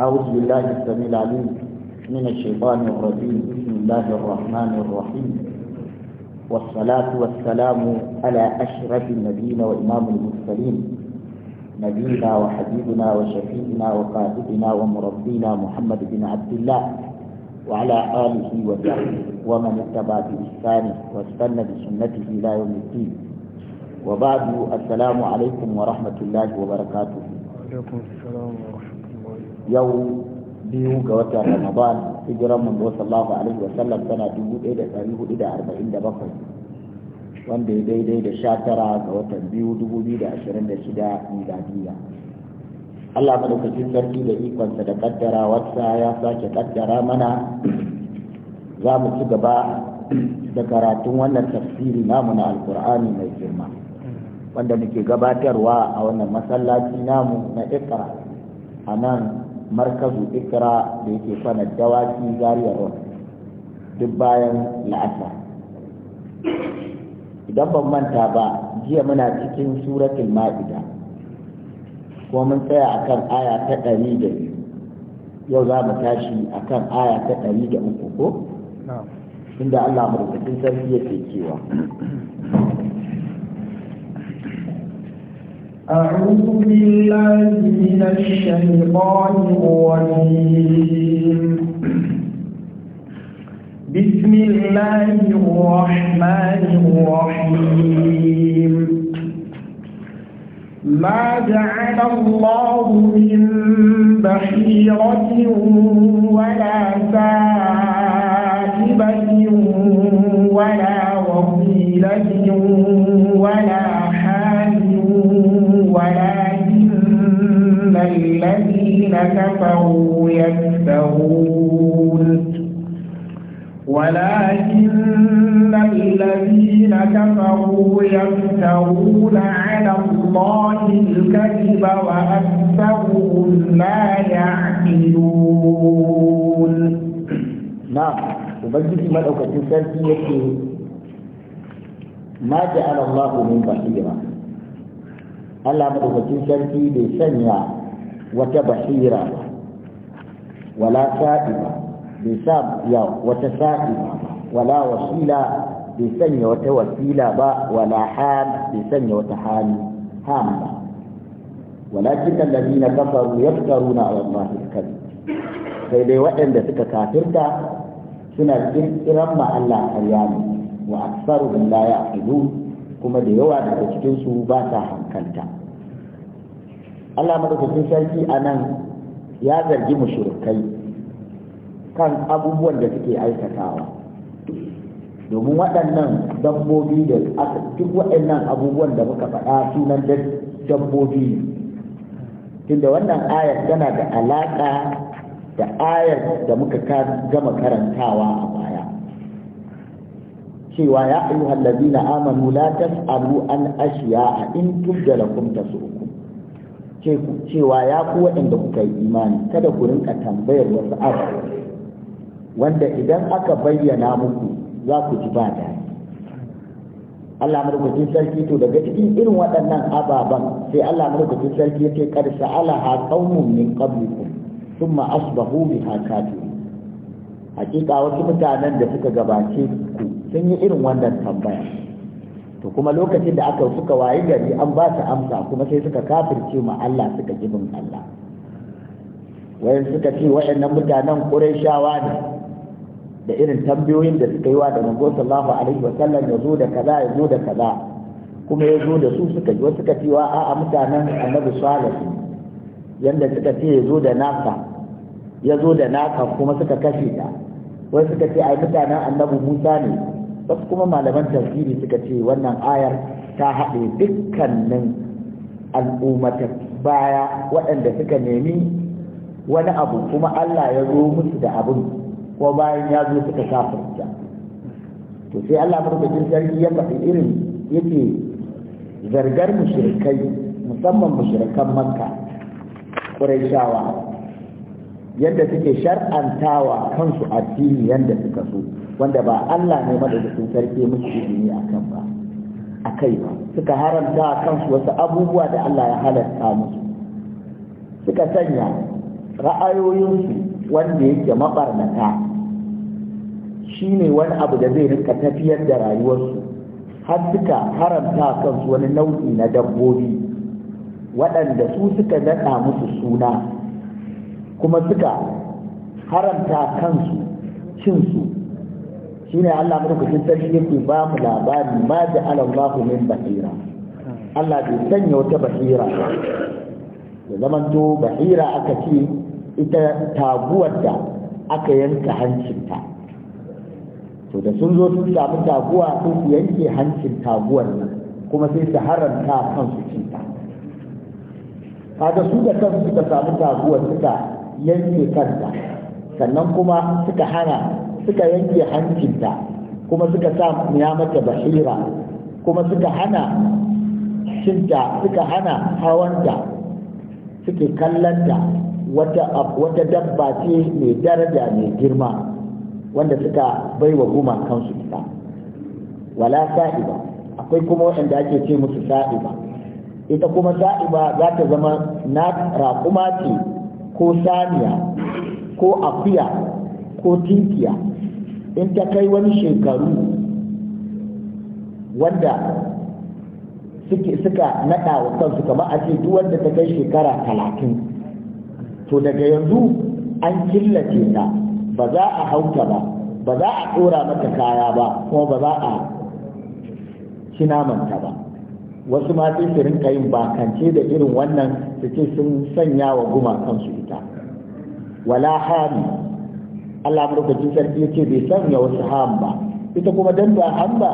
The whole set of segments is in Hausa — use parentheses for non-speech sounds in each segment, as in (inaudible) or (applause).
أعوذ بالله السميع العليم من الشيطان الرجيم بسم الله الرحمن الرحيم والصلاة والسلام على أشرف النبيين وإمام المرسلين نبينا وحبيبنا وشفيعنا وقائدنا ومربينا محمد بن عبد الله وعلى آله وصحبه ومن اتبع بإحسانه واستنى بسنته إلى يوم الدين وبعد السلام عليكم ورحمة الله وبركاته. وعليكم السلام ورحمة الله. yau biyu ga watan ramadan hijiran manzo sallallahu alaihi wasallam tana dubu 1447 wanda ya daidai da tara ga watan biyu dubu 2026 miladiya Allah madaukakin sarki da ikonsa da kaddara wata ya sake kaddara mana za mu ci gaba da karatun wannan tafsiri namu na alkur'ani mai girma wanda muke gabatarwa a wannan masallaci namu na ikra a nan markazu ikra da yake kwana dawaki zariya road duk bayan la'asa idan ban manta ba jiya muna cikin suratul ma'ida kuma mun tsaya akan aya ta ɗari da yau za mu tashi akan aya ta ɗari da uku ko inda allah mu sarki yake cewa أعوذ بالله من الشيطان الرجيم بسم الله الرحمن الرحيم ما جعل الله من بحيرة ولا سائبة ولا وصيلة ولا ولكن الذين كفروا يكفرون ولكن الذين كفروا يفترون على الله الكذب وأكثرهم لا يعقلون نعم وبجد ما لو كنت ما جعل الله من بحيرة Allah madaukakin sarki bai sanya wata basira ba wala sa'iba bai sa ya wata sa'iba wala wasila bai sanya wata wasila ba wala ham bai sanya wata hami ham ba Wala walakin alladhina kafaru yaftaruna ala allahi al-kadhib sai dai waɗanda suka kafirta suna kirkiran ma Allah karya ne wa aktsaruhum la ya'qilun kuma da yawa daga cikinsu ba ta hankalta Allah madaukakin sarki a nan ya zargi mushrikai kan abubuwan da suke aikatawa domin waɗannan dabbobi da duk waɗannan abubuwan da muka faɗa sunan dabbobi tunda wannan ayar tana da alaƙa da ayar da muka gama karantawa a baya cewa ya ayyuhal na amanu la tas'alu an a in tubda lakum tasu'ukum cewa ya ku waɗanda kuka yi imani kada ku rinka tambayar wasu abu wanda idan aka bayyana muku za ku ji ba da Allah madaukakin sarki to daga cikin irin waɗannan ababen sai Allah madaukakin sarki ya ce kar ha qaumun min qablikum thumma asbahu bi hakika wasu mutanen da suka gabace ku sun yi irin wannan tambaya to kuma lokacin da aka suka wayi gari an ba su amsa kuma sai suka kafirce ma Allah suka bin Allah wayan suka ce waɗannan mutanen Qurayshawa ne da irin tambayoyin da suka yi wa da manzo sallallahu alaihi wa sallam ya zo da kaza ya zo da kaza kuma ya zo da su suka ji wasu suka ce wa a'a mutanen Annabi Salih yanda suka ce ya zo da nasa ya zo da naka kuma suka kashe ta wai suka ce ai mutanen annabi musa ne wasu kuma malaman tafsiri suka ce wannan ayar ta haɗe dukkanin al'ummata baya waɗanda suka nemi wani abu kuma allah ya zo musu da abin ko bayan ya zo suka kafirta to sai allah madaukakin sarki ya faɗi irin yake zargar mushrikai musamman mushrikan makka shawa. yadda suke shar'antawa kansu addini yadda suka so wanda ba Allah ne sun sarki musu izini akan ba akai ba suka haramta kansu wasu abubuwa da Allah ya halatta musu suka sanya ra'ayoyinsu wanda yake mabarnata shine wani abu da zai rika tafiyar da rayuwarsu har suka haramta kansu wani nau'i na dabbobi waɗanda su suka naɗa musu suna kuma suka haramta kansu cinsu shi ne Allah madaukakin sarki yake ba mu labari ma da alamahu min basira Allah bai sanya wata basira ya to basira aka ce ita taguwar da aka yanka hancinta to da sun zo sun samu taguwa sun su yanke hancin taguwar nan kuma sai su haramta kansu cinta kaga su da kansu suka samu taguwar suka yanke kanta sannan kuma suka hana suka yanke hancinta kuma suka sa ya mata bahira kuma suka hana cinta suka hana hawanta suke kallanta wata wata dabba ce mai daraja mai girma wanda suka baiwa kansu ita wala sa'iba akwai kuma waɗanda ake ce musu sa'iba ita kuma sa'iba za ta zama na raƙuma ce ko saniya ko akuya ko tinkiya in ta kai wani shekaru wanda suka naɗa wa kansu kamar a ce duk wanda ta kai shekara talatin to daga yanzu an killace ta ba za a hauta ba ba za a ɗora mata kaya ba kuma ba za a ci ta ba wasu ma sai su rinka yin bakance da irin wannan su ce sun sanya wa guma gumakansu ita wala hami Allah madaukakin sarki yace bai sanya wasu ham ba ita kuma dan ba ham ba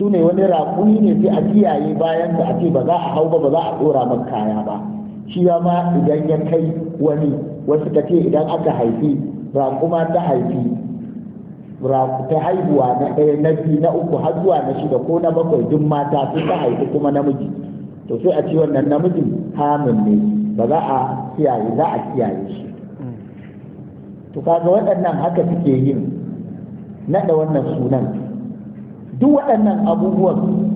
wani rakuni ne sai a kiyaye bayan da a ba za a hau ba ba za a dora maka kaya ba shi ma idan ya kai wani wasu ka ce idan aka haifi raƙuma ta haifi ta haihuwa na ɗaya na biyu na uku har zuwa na shida ko na bakwai duk mata sun ta haihu kuma namiji to sai a ce wannan namijin hamin ne ba za a kiyaye za a kiyaye shi to kaga waɗannan haka suke yin naɗa wannan sunan duk waɗannan abubuwan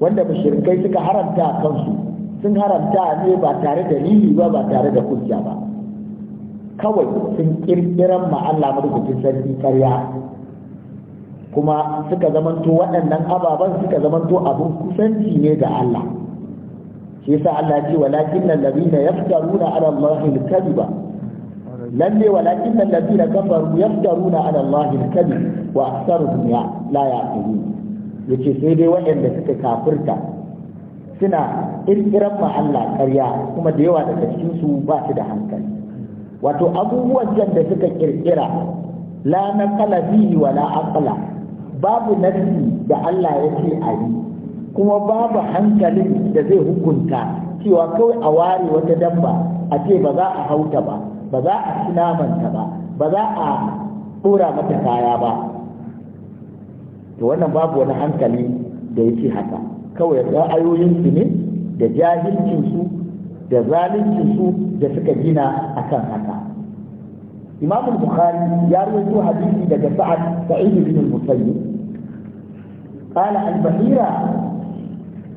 wanda mushrikai suka haramta kansu sun haramta ne ba tare da lili ba ba tare da kujya ba kawai sun ƙirƙiran ma Allah madaukakin sarki karya kuma suka zamanto waɗannan ababen suka zamanto abin kusanci ne ga Allah shi yasa Allah ce walakin nan ladina yaftaruna ala Allah al ba? lalle walakin nan na kafaru yaftaruna ala Allah al-kadhib wa aktharuhum ya la yaqilun yace sai dai waɗanda suka kafirta suna ƙirƙiran ma'alla karya kuma da yawa daga cikinsu ba su da hankali wato abubuwan can da suka kirkira la kala bihi wa la aqla babu nafsi da Allah ya ce a yi kuma babu hankalin da zai hukunta cewa kawai a ware wata dabba a ce ba za a hauta ba ba za a ci namanta ba ba za a ɗora mata kaya ba to wannan babu wani hankali da yake haka kawai su ne da jahilcin su da su da suka gina akan haka imam al-bukhari ya rawaito hadisi daga sa'ad sa'id bin al-musayyib al-bahira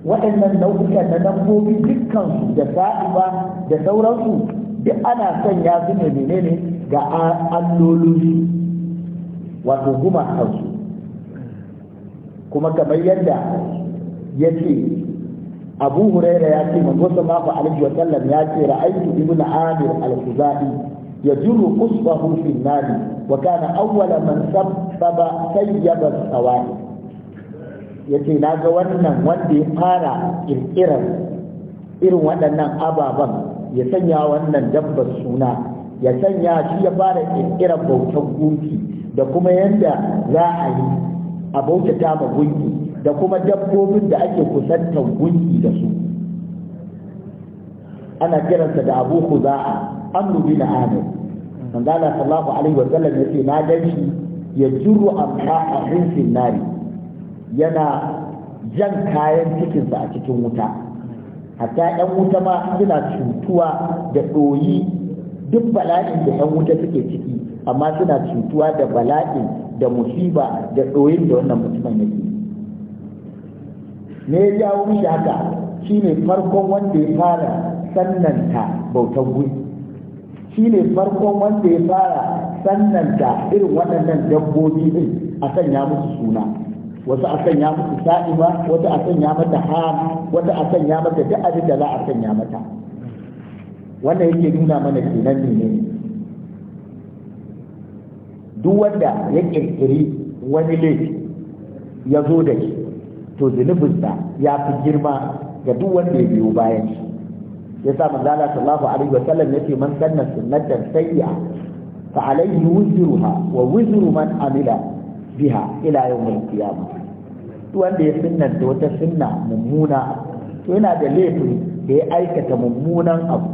waɗannan nau'ukan na dabbobi dukkansu da sa'iba da sauransu duk ana sanya su ne menene ga allolin wato gumakansu kuma kamar yadda ya ce abu huraira ya ce manzo sallallahu alaihi wa sallam ya ce ra'aytu ibnu amir al-khuzai يجر قصبه في النار وكان أول من سبب سيب السوائل yace na ga wannan wanda ya fara ƙirƙirar irin waɗannan ababen ya sanya wannan dabbar suna ya sanya shi ya fara ƙirƙirar bautar gunki da kuma yadda za a yi a bautata ma gunki da kuma dabbobin da ake kusantar gunki da su ana kiransa da abu za'a. amru bin amir manzo Allah sallallahu alaihi wa sallam ce na gani ya juru amma a hinsin nari yana jan kayan cikinsa a cikin wuta hatta yan wuta ma suna cutuwa da ɗoyi duk bala'in da yan wuta suke ciki amma suna cutuwa da bala'in da musiba da ɗoyin da wannan mutumin yake me ya jawo shi haka shine farkon wanda ya fara sannanta bautan guri shi ne farkon wanda ya fara sannanta irin waɗannan dabbobi din a sanya musu suna wasu a sanya musu sa'iba wata a sanya mata ham wata a sanya mata duk abin da za a sanya mata wannan yake nuna mana kenan ne duk wanda ya kirkiri wani laifi ya zo da shi to zunubinsa ya fi girma ga duk wanda ya biyo bayan shi yasa manzala sallallahu alaihi wa sallam yace man sanna sunnatan sayyi'a fa alaihi wizruha wa wizru man amila biha ila yawmil qiyamah wanda ya sunnanta wata sunna mummuna to yana da laifin da ya aikata mummunan abu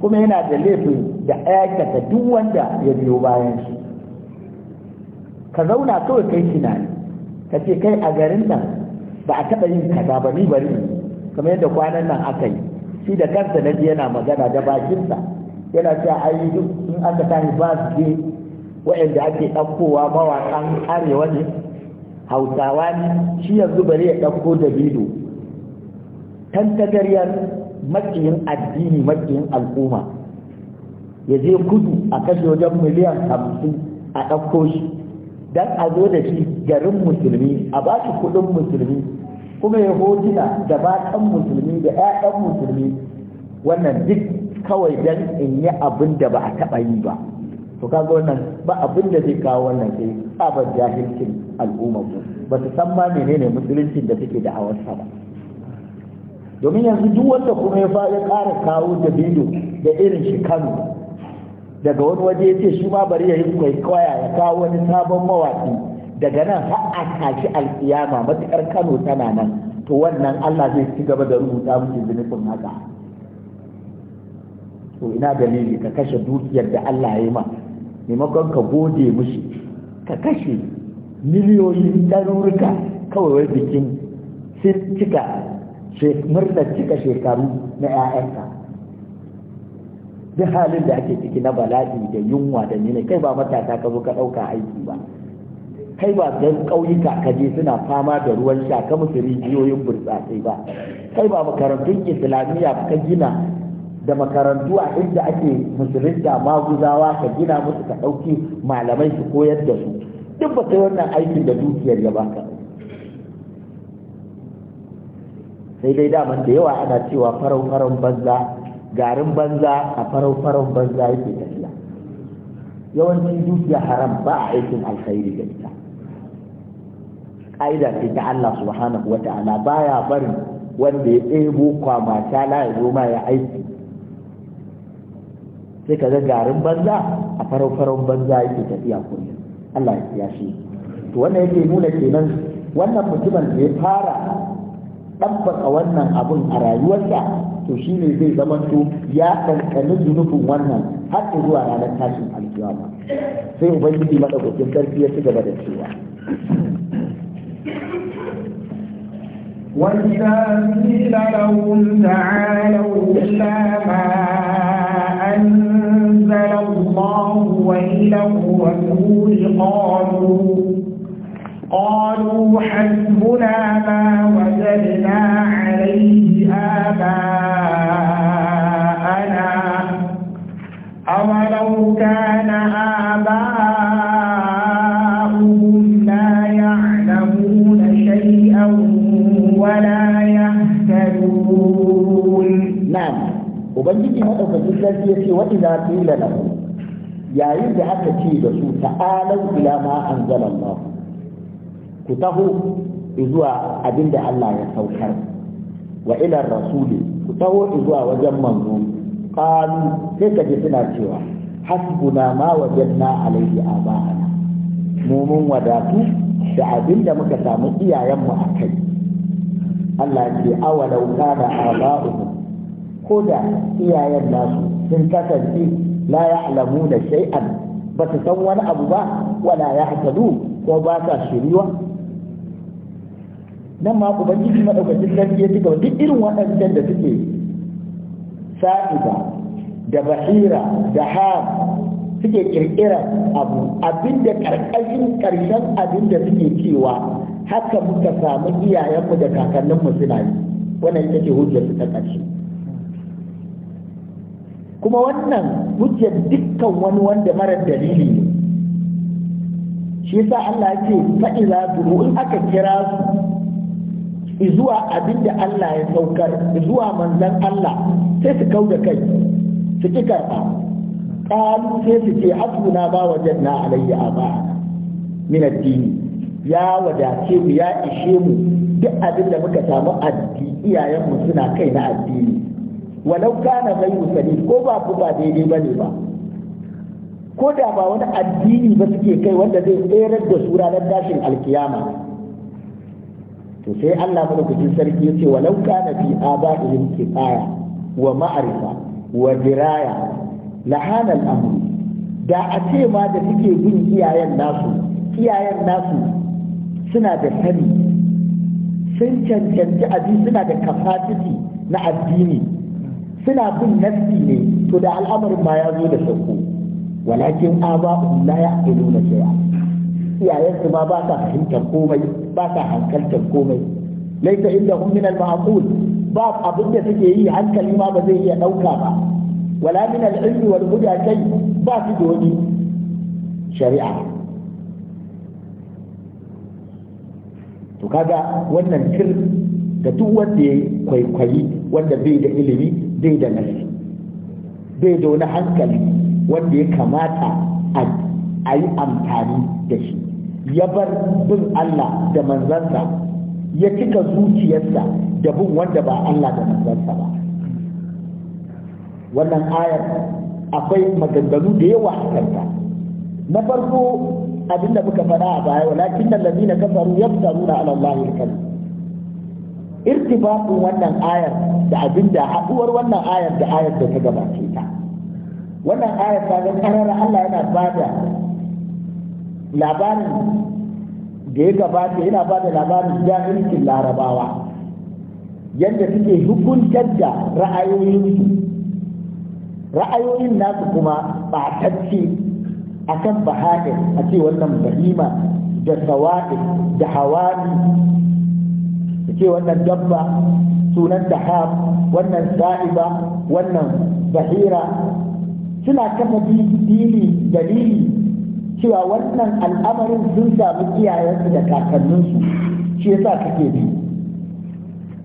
kuma yana da laifin da aikata duk wanda ya biyo bayan shi ka zauna kawai kai tunani ka ce kai a garin nan ba a taɓa yin kaza ba ni bari kamar yadda kwanan nan aka yi shi da kansa na yana magana da bakinsa yana cewa ai duk in aka tashi ba su je waɗanda ake ɗaukowa mawaƙan arewa ne hausawa ne shi yanzu bari ya ɗauko da bido tantagaryar maƙiyin addini maƙiyin al'umma ya je kudu a kashe wajen miliyan hamsin a ɗauko shi don a zo da shi garin musulmi a ba shi kuɗin musulmi kuma ya hotuna da baƙan musulmi da 'ya'yan musulmi wannan duk kawai dan in yi abin da ba a taɓa yi ba to kaga wannan ba abin da zai kawo wannan sai tsabar jahilcin al'ummar mu ba su san ma menene musuluncin da suke da hawarsa ba domin yanzu duk wanda kuma ya fara ya ƙara kawo da bido da irin shi Kano daga wani waje ya ce shi ma bari ya yi kwaya ya kawo wani sabon mawaƙi daga nan har a tashi alƙiyama matukar Kano tana nan to wannan Allah zai ci gaba da rubuta miki zunubin haka to ina dalili ka kashe dukiyar da Allah ya yi ma maimakon ka gode mushi ka kashe miliyoyin ɗarurruka kawai bikin sai cika murnar cika shekaru na 'ya'yanka duk halin da ake ciki na bala'i da yunwa da nina kai ba matasa ka zo ka ɗauka aiki ba kai ba dan ƙauyuka ka je suna fama da ruwan sha ka musu rijiyoyin burtsatsai ba kai ba makarantun islamiyya ka gina da makarantu a inda ake musulunta maguzawa ka gina musu ka ɗauki malamai su koyar da su duk ba kai wannan aikin da dukiyar ya baka sai dai daman da yawa ana cewa farau farau banza garin banza a farau farau banza yake tafiya yawancin dukiya haram ba a aikin alkhairi da ita Aida ce ta Allah subhanahu wa ta'ala baya barin wanda ya ɗebo kwamata la ya zo ma ya aiki sai ka ga garin banza a farau-farau banza yake tafiya kullum Allah ya siya shi to wannan yake nuna kenan wannan mutumin da ya fara ɗabbaka wannan abun a rayuwarsa to shi ne zai zamanto ya kankani zunubin wannan har zuwa ranar tashin alkiyama sai ubangiji madaukakin sarki ya ci gaba da cewa وإذا قيل لهم تعالوا إلى ما أنزل الله وإلى الرسول قالوا قالوا حسبنا ما وجدنا عليه آباءنا أولو كان آباءنا ubangiji madaukakin sarki ya ce wa idza na lahum yayin da aka ce da su ta'alau ila ma anzala Allah ku taho zuwa abinda Allah ya saukar wa ila rasuli ku taho zuwa wajen manzo qalu sai kaje suna cewa hasbuna ma wajadna alayhi aba'ana mu mun wadatu da abinda muka samu iyayenmu a kai Allah ya ce awalau kana aba'uhum ko da iyayen nasu sun kasance la da shay'an ba su san wani abu ba wala yahtadu ko ba sa shiriwa nan ma ubangiji madaukakin sarki ya tuka duk irin waɗancan da suke sa'iba da bahira da ham suke kirkira abu abinda karkashin karshen abinda suke cewa haka muka samu iyayenmu da kakanninmu suna yi wannan ita ce hujjar su ta ƙarshe kuma wannan hujjar dukkan wani wanda mara dalili ne shi yasa Allah ya ce fa'iza in aka kira su zuwa abinda Allah ya saukar zuwa manzon Allah sai su kauda kai su ki karɓa. qalu sai su ce hasbuna ba wajadna alayya aba min addini ya wadace mu ya ishe mu duk abin da muka samu addini iyayenmu suna kai na addini walau kana bai musali ko ba ku ba daidai bane ba ko da ba wani addini ba suke kai wanda zai tsere da su ranar tashin alkiyama to sai Allah madaukakin sarki yace walau kana fi abaihim kifaya wa ma'rifa wa diraya hana al-amr da a ce ma da suke bin iyayen nasu iyayen nasu suna da sani sun cancanci abin suna da capacity na addini suna bin nafsi ne to da al'amarin ma ya zo da shakku walakin aba'un la ya'qiluna shay'a iyayensu ma ba sa fahimtar komai ba sa hankaltar komai laisa indahum min al-ma'qul ba abin da suke yi hankali ma ba zai iya dauka ba wala min al-ilmi wal huda kai ba su da wani shari'a to kaga wannan kir ga duk wanda ya kwaikwayi wanda bai da ilimi bai da nasi bai da wani hankali wanda ya kamata a yi amfani da shi ya bar bin Allah da manzansa ya cika zuciyarsa da bin wanda ba Allah da manzansa ba wannan ayar akwai maganganu da yawa a kanta na farko abinda muka faɗa a baya walakin nan lamina kafaru yaftaruna na Allah al irtibatun wannan ayar da abinda haɗuwar wannan ayar da ayar da ta gabace ta wannan ayar ta ga karara Allah yana bada labarin da ya gabata yana bada labarin jahilcin larabawa yadda suke hukuntar da ra'ayoyinsu ra'ayoyin nasu kuma ɓatacce a kan bahaɗin a ce wannan bahima da sawa'i da hawani ce wannan dabba sunan dahab wannan sa'iba wannan zahira suna kafa dili dalili cewa wannan al'amarin sun samu iyayensu da kakanninsu shi yasa kake bi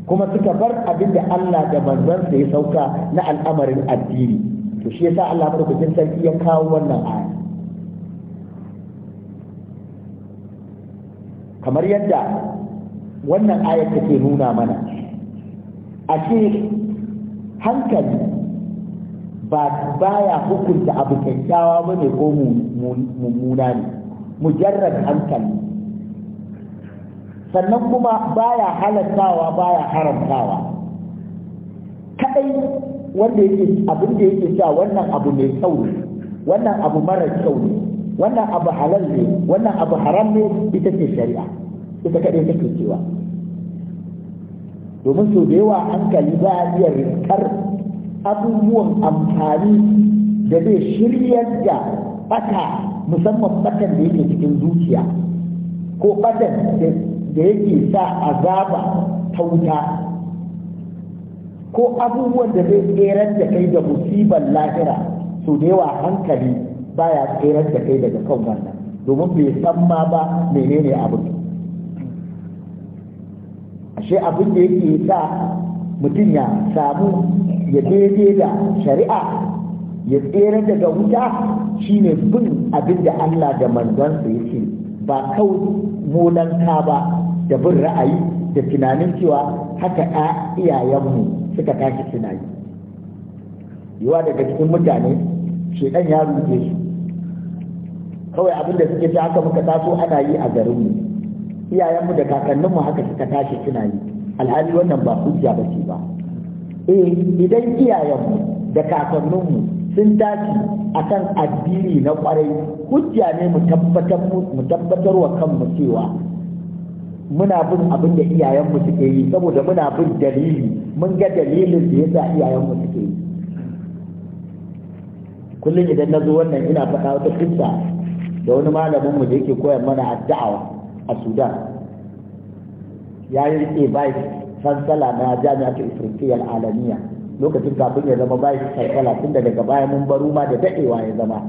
kuma suka bar abin da Allah da manzansa ya sauka na al'amarin addini to shi yasa Allah madaukakin sarki ya kawo wannan aya kamar yadda wannan ayar take nuna mana a ce hankali ba baya hukunta abu kyakkyawa ba ne ko mummuna ne mujarrad hankali sannan kuma baya halattawa baya haramtawa kadai wanda yake abin da yake cewa wannan abu mai kyau wannan abu mara kyau wannan abu halal ne wannan abu haram ne ita ce shari'a ita kaɗai take cewa domin sau da yawa hankali za a iya rinkar abubuwan amfani da zai shiryar da ɓata musamman ɓatan da yake cikin zuciya ko ɓatan da yake sa azaba ta wuta ko abubuwan da zai tserar da kai da musibar lahira su da yawa hankali baya tserar da kai daga kan wannan domin bai san ma ba menene abin ashe abin da yake sa mutum ya samu ya daidai da shari'a ya tsere daga wuta shine bin abin da Allah da manzansa yake ba kawai molanka ba da bin ra'ayi da tunanin cewa haka iyayenmu suka tashi tunani yawa daga cikin mutane shekan ya ruje su kawai abin da suke ta haka muka taso ana yi a garinmu iyayenmu da kakanninmu haka suka tashi suna yi alhali wannan ba hujja ba ce ba eh idan iyayenmu da kakanninmu sun tashi akan addini na kwarai hujja ne mu tabbatar mu tabbatar wa kanmu cewa muna bin abin da iyayenmu suke yi saboda muna bin dalili mun ga dalilin da yasa iyayenmu suke yi kullum idan na zo wannan ina faɗa wata kissa da wani malaminmu mu da yake koyar mana addu'a a sudan ya yi rike vice chancellor na ta ifirkiyar alamiya lokacin kafin ya zama vice chancellor tun daga baya mun baro ma da daɗewa ya zama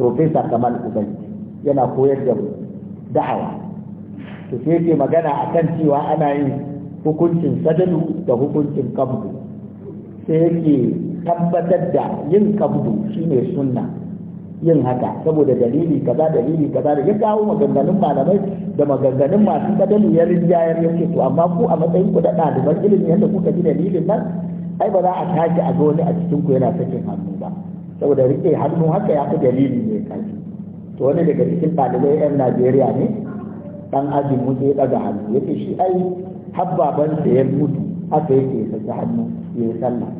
Profesa kamal ubai yana koyar da da'awa to sai yake magana a kan cewa ana yin hukuncin sadalu da hukuncin kabdu sai yake tabbatar da yin kabdu shine sunna yin haka saboda dalili kaza dalili kaza da ya kawo maganganun malamai da maganganun masu kadan ya rinjayar ya ce to amma ku a matsayin ku da ɗaliban ilimi yadda kuka ji dalilin nan ai ba za a tashi a zo wani a cikin ku yana sakin hannu ba saboda rike hannu haka ya fi dalili ne kai to wani daga cikin ɗalibai yan Najeriya ne dan ajin mutu ya ɗaga hannu ya ce shi ai ban da ya mutu haka yake saki hannu ya yi sallah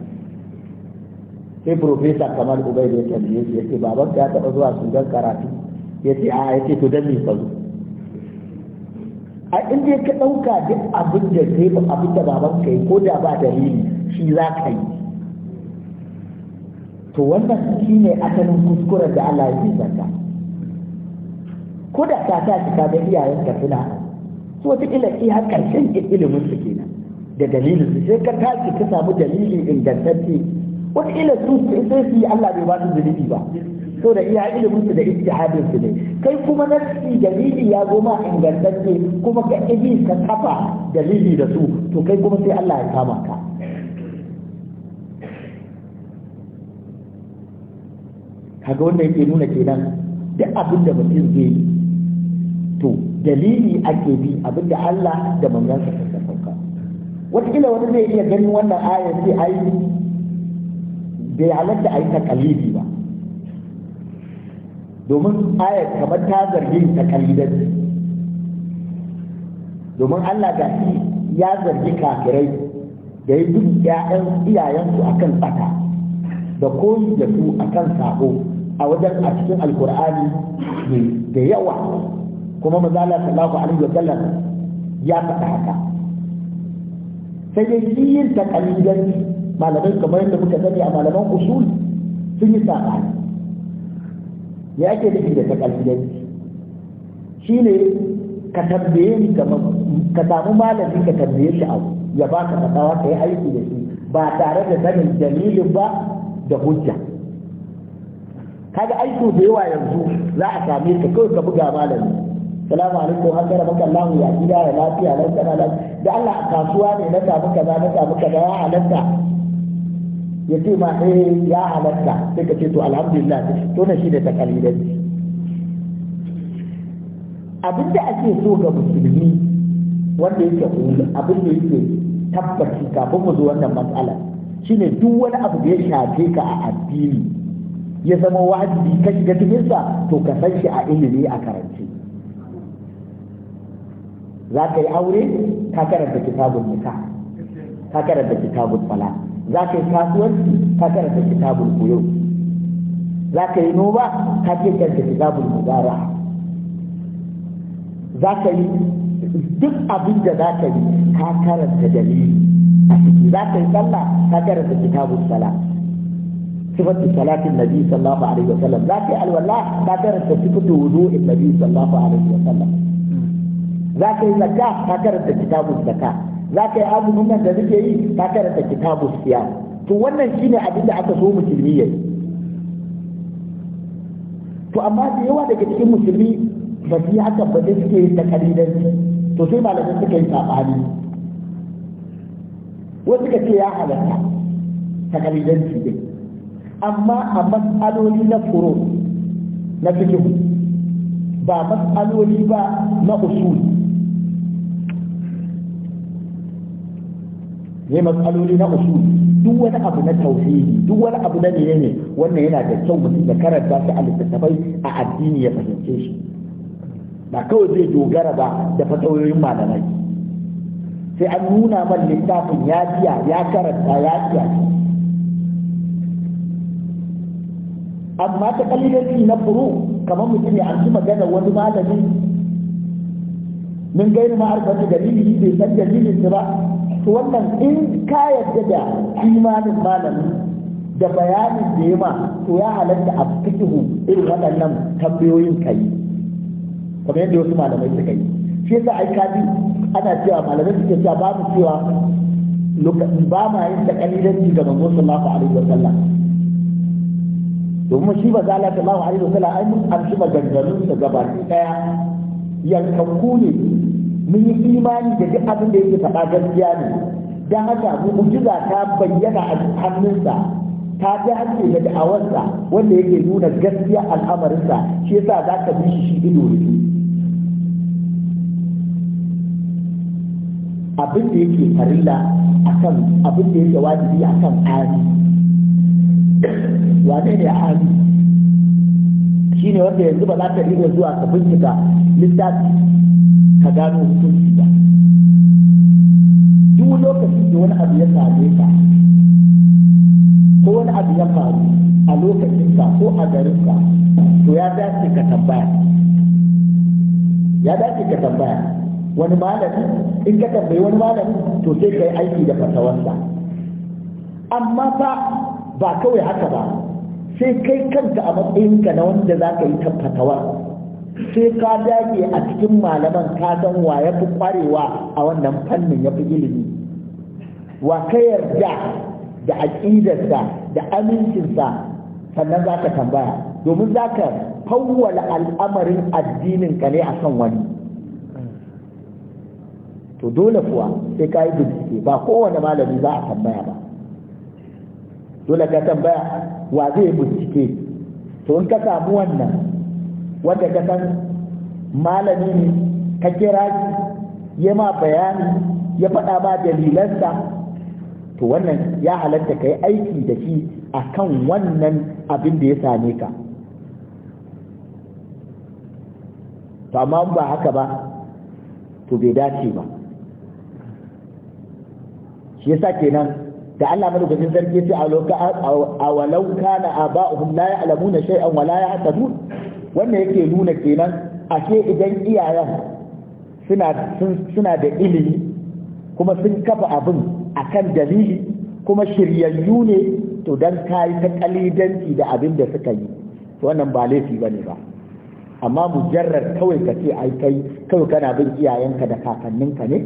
sai profesa kamar ubai da ya tambaye shi yace babanka ya taɓa zuwa sudan karatu yace a yace to dan me ka zo a inda ka ɗauka duk abin da kai abin da baban yi ko da ba dalili shi za ka yi to wannan shi ne asalin kuskuren da Allah ya zanta ko da ka ta shi kaga iyayenka suna su ila ki har ƙarshen ilimin su kenan da dalilin su sai ka tashi ka samu dalili ingantacce wataƙila su sai su yi Allah bai ba su zunubi ba so da iya ilimin su da ijtihadin su ne kai kuma na nafsi dalili ya zo ma ingantacce kuma ka ibi ka kafa dalili da su to kai kuma sai Allah ya kama ka kaga wanda yake nuna kenan duk abin da mutum zai yi to dalili ake bi abin da Allah da manzansa ta sauka wataƙila wani zai iya ganin wannan ayar sai ayi bai halatta a yi takalidi ba domin ayat kamar ta zargin takalidan domin Allah ga shi ya zargi kafirai da ya duk iyayensu akan tsaka da koyi da su akan sabo a wajen a cikin alkur'ani da yawa kuma mazala sallallahu alaihi wa ya faɗa haka sai yin takalidanci malamai kamar yadda muka sani a malaman usul sun yi saɓani ya ake nufi da takalmiyanci shi ne ka tambaye ni ka samu malami ka tambaye shi abu ya ba ka fasawa ka yi aiki da shi ba tare da sanin dalilin ba da hujja kaga aiki da yawa yanzu za a same ka kawai ka buga malami salamu alaikum har gara maka Allah ya gida ya lafiya nan kana da Allah kasuwa ne na samu kaza na samu kaza ya halatta ya ce ma eh ya halatta sai ka ce to alhamdulillah to na shi da takalidanci abin da ake so ga musulmi wanda yake abin da yake tabbaci kafin mu zo wannan matsala shine duk wani abu da ya shafe ka a addini ya zama wajibi ka shiga cikin sa to ka san shi a ilimi a karance za ka yi aure ka karanta kitabun nikah ka karanta kitabun salat za ka yi kasuwanci ka karanta kitabul buyur za ka yi noma ka ke karanta kitabul mubara za ka yi duk abin da za ka yi ka karanta dalili a ciki za ka yi sallah ka karanta kitabul sala sifatu salatin nabi sallallahu alaihi sallam za ka yi alwala ka karanta sifatu wudu'in nabi sallallahu alaihi sallam hmm. za ka yi zakka ka karanta kitabul zakka za ka yi azumin nan da nake yi ka karanta kitabu siya to wannan shine abin da aka so musulmi yayi to amma da yawa daga cikin musulmi ba su yi haka ba da suke da kalilanci to sai malamai suka yi sabani wasu ka ce ya halatta ta kalilanci din amma a matsaloli na furo na fikihu ba matsaloli ba na usuli ne matsaloli na usul duk wani abu na tauhidi duk wani abu na menene wannan yana da kyau mutum da karanta shi a littattafai a addini ya fahimce shi ba kawai zai dogara ba da fasahohin malamai sai an nuna man littafin ya biya ya karanta ya biya amma ta kalilanci na furu kamar mutum ya amshi magana wani malami min gairi ma'arfata dalili bai san dalilin ba to wannan in ka yadda da imanin malami da bayanin da ya ma to ya halatta a fikihu irin waɗannan tambayoyin kai kamar yadda wasu malamai suka yi shi yasa ai kaji ana cewa malamai suke cewa ba mu cewa ba ma yin ta kalilanci ga manzo sallallahu alaihi wasallam domin shi ba zala sallallahu alaihi wasallam ai mun amshi maganganun sa gaba ɗaya yankanku ne mun yi imani da duk abin da yake faɗa gaskiya ne don haka mu'jiza ta bayyana a hannunsa ta ta hanke da da'awarsa wanda yake nuna gaskiya al'amarinsa shi yasa za ka bi shi ido rufe abin da yake farilla a kan abin da yake wajibi kan ali wane ne ali ne wanda yanzu ba za ka riga zuwa ka bincika littafi ka gano hukunci ba duk lokacin da wani abu ya same ka ko wani abu ya faru a lokacinka ko a garinka to ya dace ka tambaya ya dace ka tambaya wani malami in ka tambayi wani malami to sai ka yi aiki da fasawarsa amma fa ba kawai haka ba sai kai kanka a matsayinka na wanda za ka yi kan sai ka dage a cikin malaman ka san wa ya fi kwarewa a wannan fannin ya fi ilimi wa ka yarda da aƙidarsa da amincinsa sannan za ka tambaya domin za ka fawwala al'amarin addinin ka ne a kan wani to dole kuwa sai ka yi bincike ba kowane malami za a tambaya ba dole ka tambaya wa zai bincike to in ka samu wannan wanda ka san malami ne ka kira shi ya ma bayani ya faɗa ba dalilansa to wannan ya halatta ka yi aiki da shi a kan wannan abin da ya same ka to amma ba haka ba to bai dace ba shi yasa kenan da Allah madaukakin sarki sai a walau kana aba'uhum la ya'lamuna shay'an wa la ya'tadun wannan yake nuna kenan ashe idan iyayen suna da ilimi kuma sun kafa abin kan dalili kuma shiryayyu ne to don kayi ta kalidanci da abin da suka yi to wannan ba laifi ba ne ba amma mujarrar kawai ka ce ai kai kawai kana bin iyayenka da kakanninka ne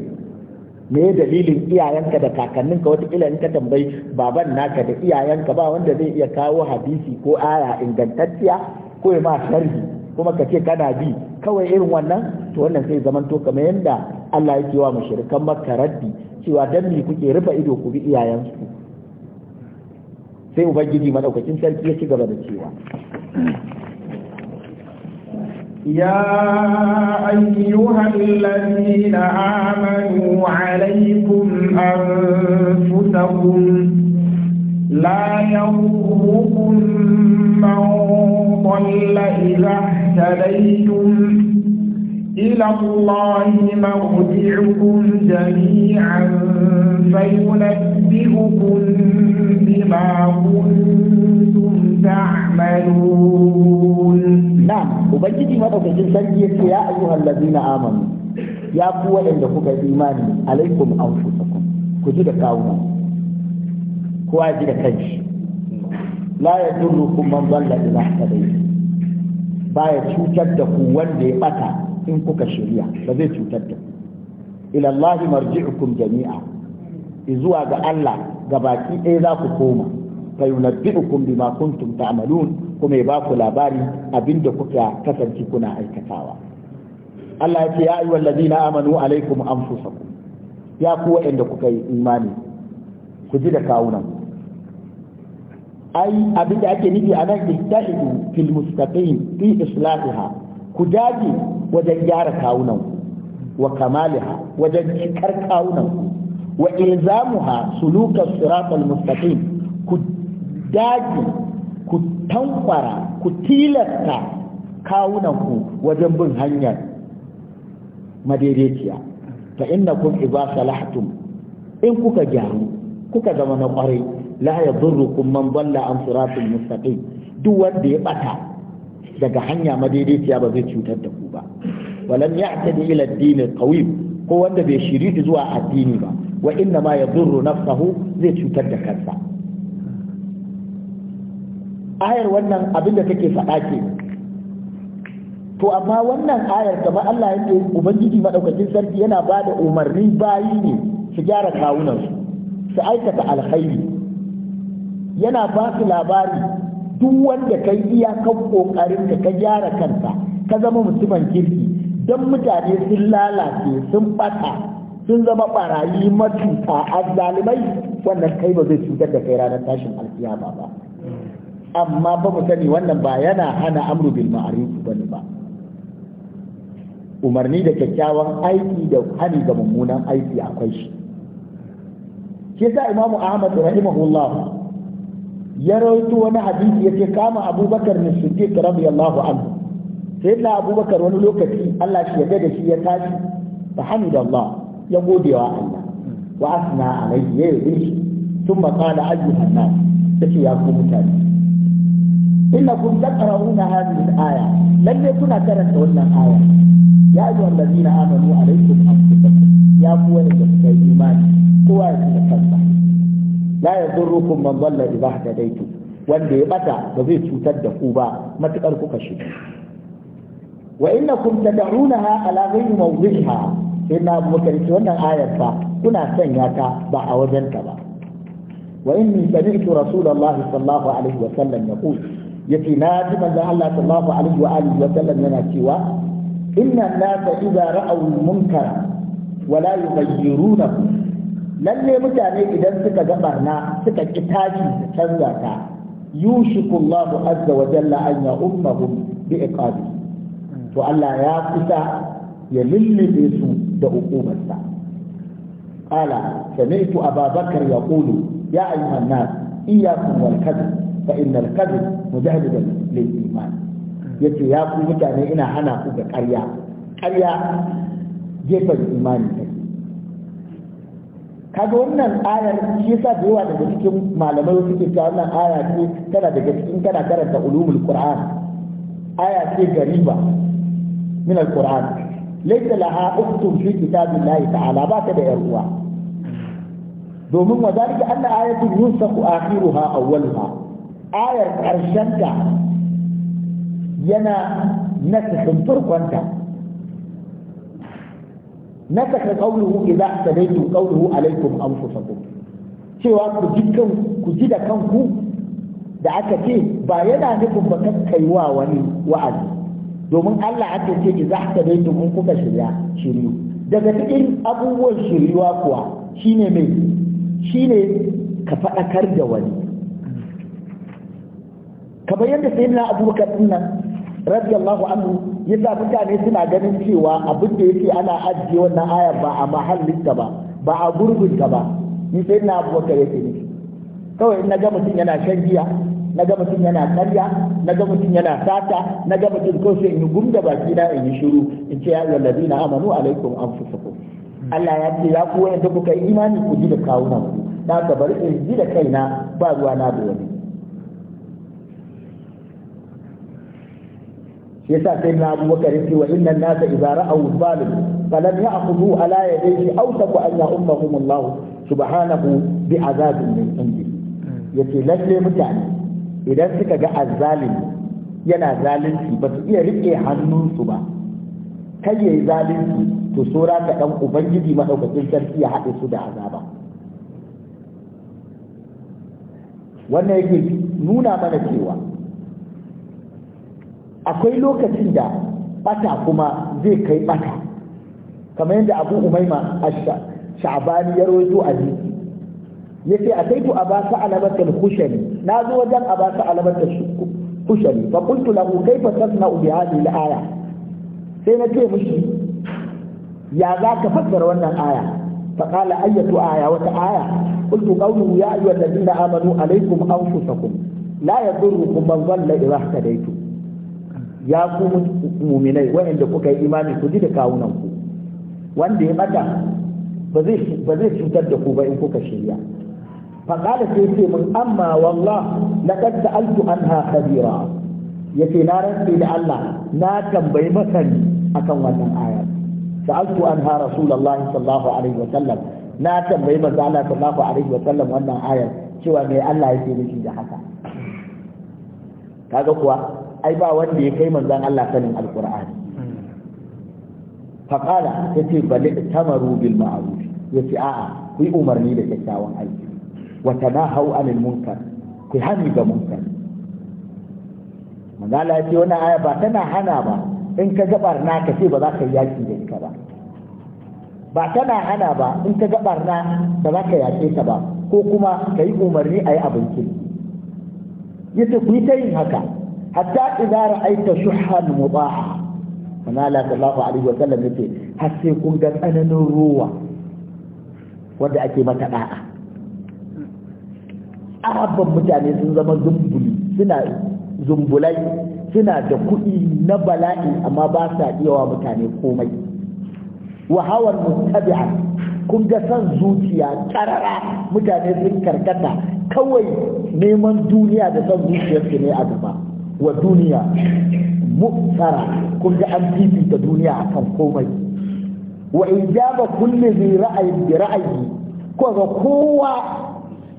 me dalilin iyayenka da kakanninka wataƙila in ka tambayi baban naka da iyayenka ba wanda zai iya kawo hadisi ko aya ingantacciya ko ma sharhi kuma ka ce kana bi kawai irin wannan to wannan sai zaman zamanto kamar yadda Allah yake wa mushrikan makka raddi cewa dan me kuke rufe ido ku bi iyayensu sai ubangiji madaukakin sarki ya ci gaba da cewa يا أيها الذين آمنوا عليكم أنفسكم لا يضركم من ضل إذا اهتديتم إلى الله مرجعكم جميعا فينبئكم بما كنتم تعملون نعم وبجدي ما تجد سنجيك يا أيها الذين آمنوا يا قوة عندكم إيماني عليكم أنفسكم كجد كاونا kowa ji da kanshi la ya turru kuma zalla ila hadai ba ya cutar da ku wanda ya bata in kuka shirya ba zai cutar da ku ila Allah marji'ukum jami'a izuwa ga Allah ga baki ɗaya za ku koma fa yunabbi'ukum bima kuntum ta'malun kuma ya ba ku labari abinda kuka kasance kuna aikatawa Allah ya ce ya ayyuhallazina amanu alaikum anfusakum ya ku waɗanda kuka yi imani ku ji da kawunan ai abin da ake nufi a nan istahidu fil mustaqim fi islahiha ku dage wajen gyara kawunan wa kamaliha wajen cikar kawunan wa ilzamuha sulukas siratal mustaqim ku dage ku tankwara ku tilasta kawunanku wajen bin hanyar madaidaiciya fa innakum idza salahtum in kuka gyaru kuka zama na ƙwarai la yadurrukum man dalla an siratul mustaqim duk wanda ya ɓata daga hanya madaidaiciya ba zai cutar da ku ba walam ya'tadi ila ad-din al-qawim ko wanda bai shiri zuwa addini ba wa inna ma yadurru nafsahu zai cutar da kansa ayar wannan abinda take faɗa ke to amma wannan ayar kamar Allah yake ubangiji madaukakin sarki yana bada umarni bayi ne su gyara kawunansu su aikata alkhairi yana ba su labari duk wanda kai iyakan kokarin ka ka gyara kanka ka zama mutumin kirki don mutane sun lalace sun bata sun zama barayi matuƙa azzalimai wannan kai ba zai cutar da kai ranar tashin alkiyama ba amma ba mu sani wannan ba yana hana amru bil ma'ruf bane ba umarni da kyakkyawan aiki da hani ga mummunan aiki akwai shi shi yasa imamu ahmad rahimahullah ya rawaito wani hadisi yace kama abubakar ne siddiq radiyallahu anhu sai na abubakar wani lokaci Allah shi ya da shi ya tashi fa hamidallah ya gode wa Allah wa asna alayhi ya yi shi thumma qala ayyuhan nas yace ya ku mutane innakum taqra'una hadhihi al-aya lalle kuna karanta wannan aya ya yi ayyuhal ladina amanu a alaykum anfusakum ya ku da kuka yi imani kowa ya da kansa la yadurrukum man dalla idha hadaitu wanda ya bata ba zai cutar da ku ba matukar kuka shiga wa innakum tad'unaha ala ghayri mawdhiha sai na mukarci wannan ayar fa kuna sanya ta ba a wajen ta ba wa inni sami'tu rasulullahi sallallahu alaihi wa sallam yaqul yace na ji manzon Allah sallallahu alaihi wa alihi wa sallam yana cewa inna an-nasa idza ra'aw al-munkara wa la yughayyirunahu lalle mutane idan suka ga barna suka ki tashi su canza ta yushiku Allah azza wa jalla an ya ummahum bi iqabi to Allah ya kusa ya lullube su da hukumarsa qala sami'tu ababakar yaqulu ya ayyuhan nas iyyakum wal kadhib fa innal kadhib mujahidun lil iman yace ya ku mutane ina hana ku ga ƙarya ƙarya gefen imani kaga wannan ayar shi yasa da yawa daga cikin malamai suke cewa wannan aya ce tana daga cikin kana karanta ulumul qur'an aya ce gariba min alquran laysa laha uktun fi kitabillahi ta'ala ba ta da yar uwa domin wa zalika anna ayatun yunsaku akhiruha awwaluha ayar karshenta yana nasihin farkonta nasaka qawluhu idza sadaitu qawluhu alaikum anfusakum cewa ku ji kan ku ji da kanku da aka ce ba yana nufin ba kaiwa wani wa'azi domin Allah aka ce idza dai kun kuka shirya shiryu daga cikin abubuwan shiryuwa kuwa shine mai shine ka faɗakar da wani kamar yadda sai na abubakar ɗin nan radiyallahu anhu yasa mutane suna ganin cewa abin da yake ana ajiye wannan aya ba a mahallin ta ba ba a gurbin ta ba ni sai na abubakar yake ne kawai in naga mutum yana shan giya naga mutum yana karya naga mutum yana sata naga mutum ko sai in yi gumda baki na in yi shiru in ce ya ayyuhal ladina amanu alaikum anfusukum Allah ya ce ya ku wanda kuka imani ku ji da kawuna ku na ka bari in ji da kaina ba ruwa na da wani shi yasa sai na abubakar yake wa innan nasa idza ra'aw zalim falam ya'khudhu ala yadayhi aw taku an ya'ummahum Allah subhanahu bi azabin min indi yace lalle mutane idan suka ga azzalimi yana zalunci ba su iya rike hannunsu ba kai yayi zalunci to sura ka dan ubangiji madaukakin sarki ya haɗe su da azaba wannan yake nuna mana cewa akwai lokacin da bata kuma zai kai bata kamar yadda abu umaima asha sha'abani ya rawaito a jiki yace a ba sa'alabat alamatar khushani na zo wajen a aba sa'alabat al-khushani fa qultu lahu kayfa tasna'u bi hadhihi al-aya sai na ce mushi ya za ka fassara wannan aya fa qala ayatu aya wata aya kuntu qawluhu ya alaikum amanu alaykum anfusakum la yadurrukum man dhalla idha ihtadaytum ya ku muminai waɗanda kuka yi imani ku ji da kawunan ku wanda ya bata ba zai cutar da ku ba in kuka shirya faƙala sai ce mun amma wallah laqad sa'altu anha khabira yace na rantsi da Allah na tambayi masani akan wannan aya sa'altu anha rasulullahi sallallahu alaihi wa sallam na tambayi manzo Allah sallallahu alaihi wa sallam wannan ayar cewa me Allah yake nufi da haka kaga kuwa ai ba wanda ya kai manzon Allah sanin alqur'ani ce yace bal tamaru bil Ya ce a'a ku yi umarni da kyakkyawan aiki na? tanahau anil munkar ku hani ga munkar manzo Allah yace wani aya ba tana hana ba in ka ga na ka ce ba za ka yaki da ita ba ba tana hana ba in ka ga na ba za ka yaƙe ta ba ko kuma ka yi umarni a yi abincin? ya ce ku yi ta yin haka hatta idza ra'aita shuhhan mubaha manala sallallahu alaihi wa sallam yake har sai kun ga tsananin ruwa wanda ake mata da'a arabban mutane sun zama zumbuli suna zumbulai suna da kuɗi na bala'i amma ba sa iya wa mutane komai wa hawan muttabi'a kun ga san zuciya karara mutane sun karkata kawai neman duniya da san zuciyarsu ne a gaba wa duniya muktara kun ga an fifita duniya kan komai wa ijaba kulli zai ra'ayin ra'ayi ko ga kowa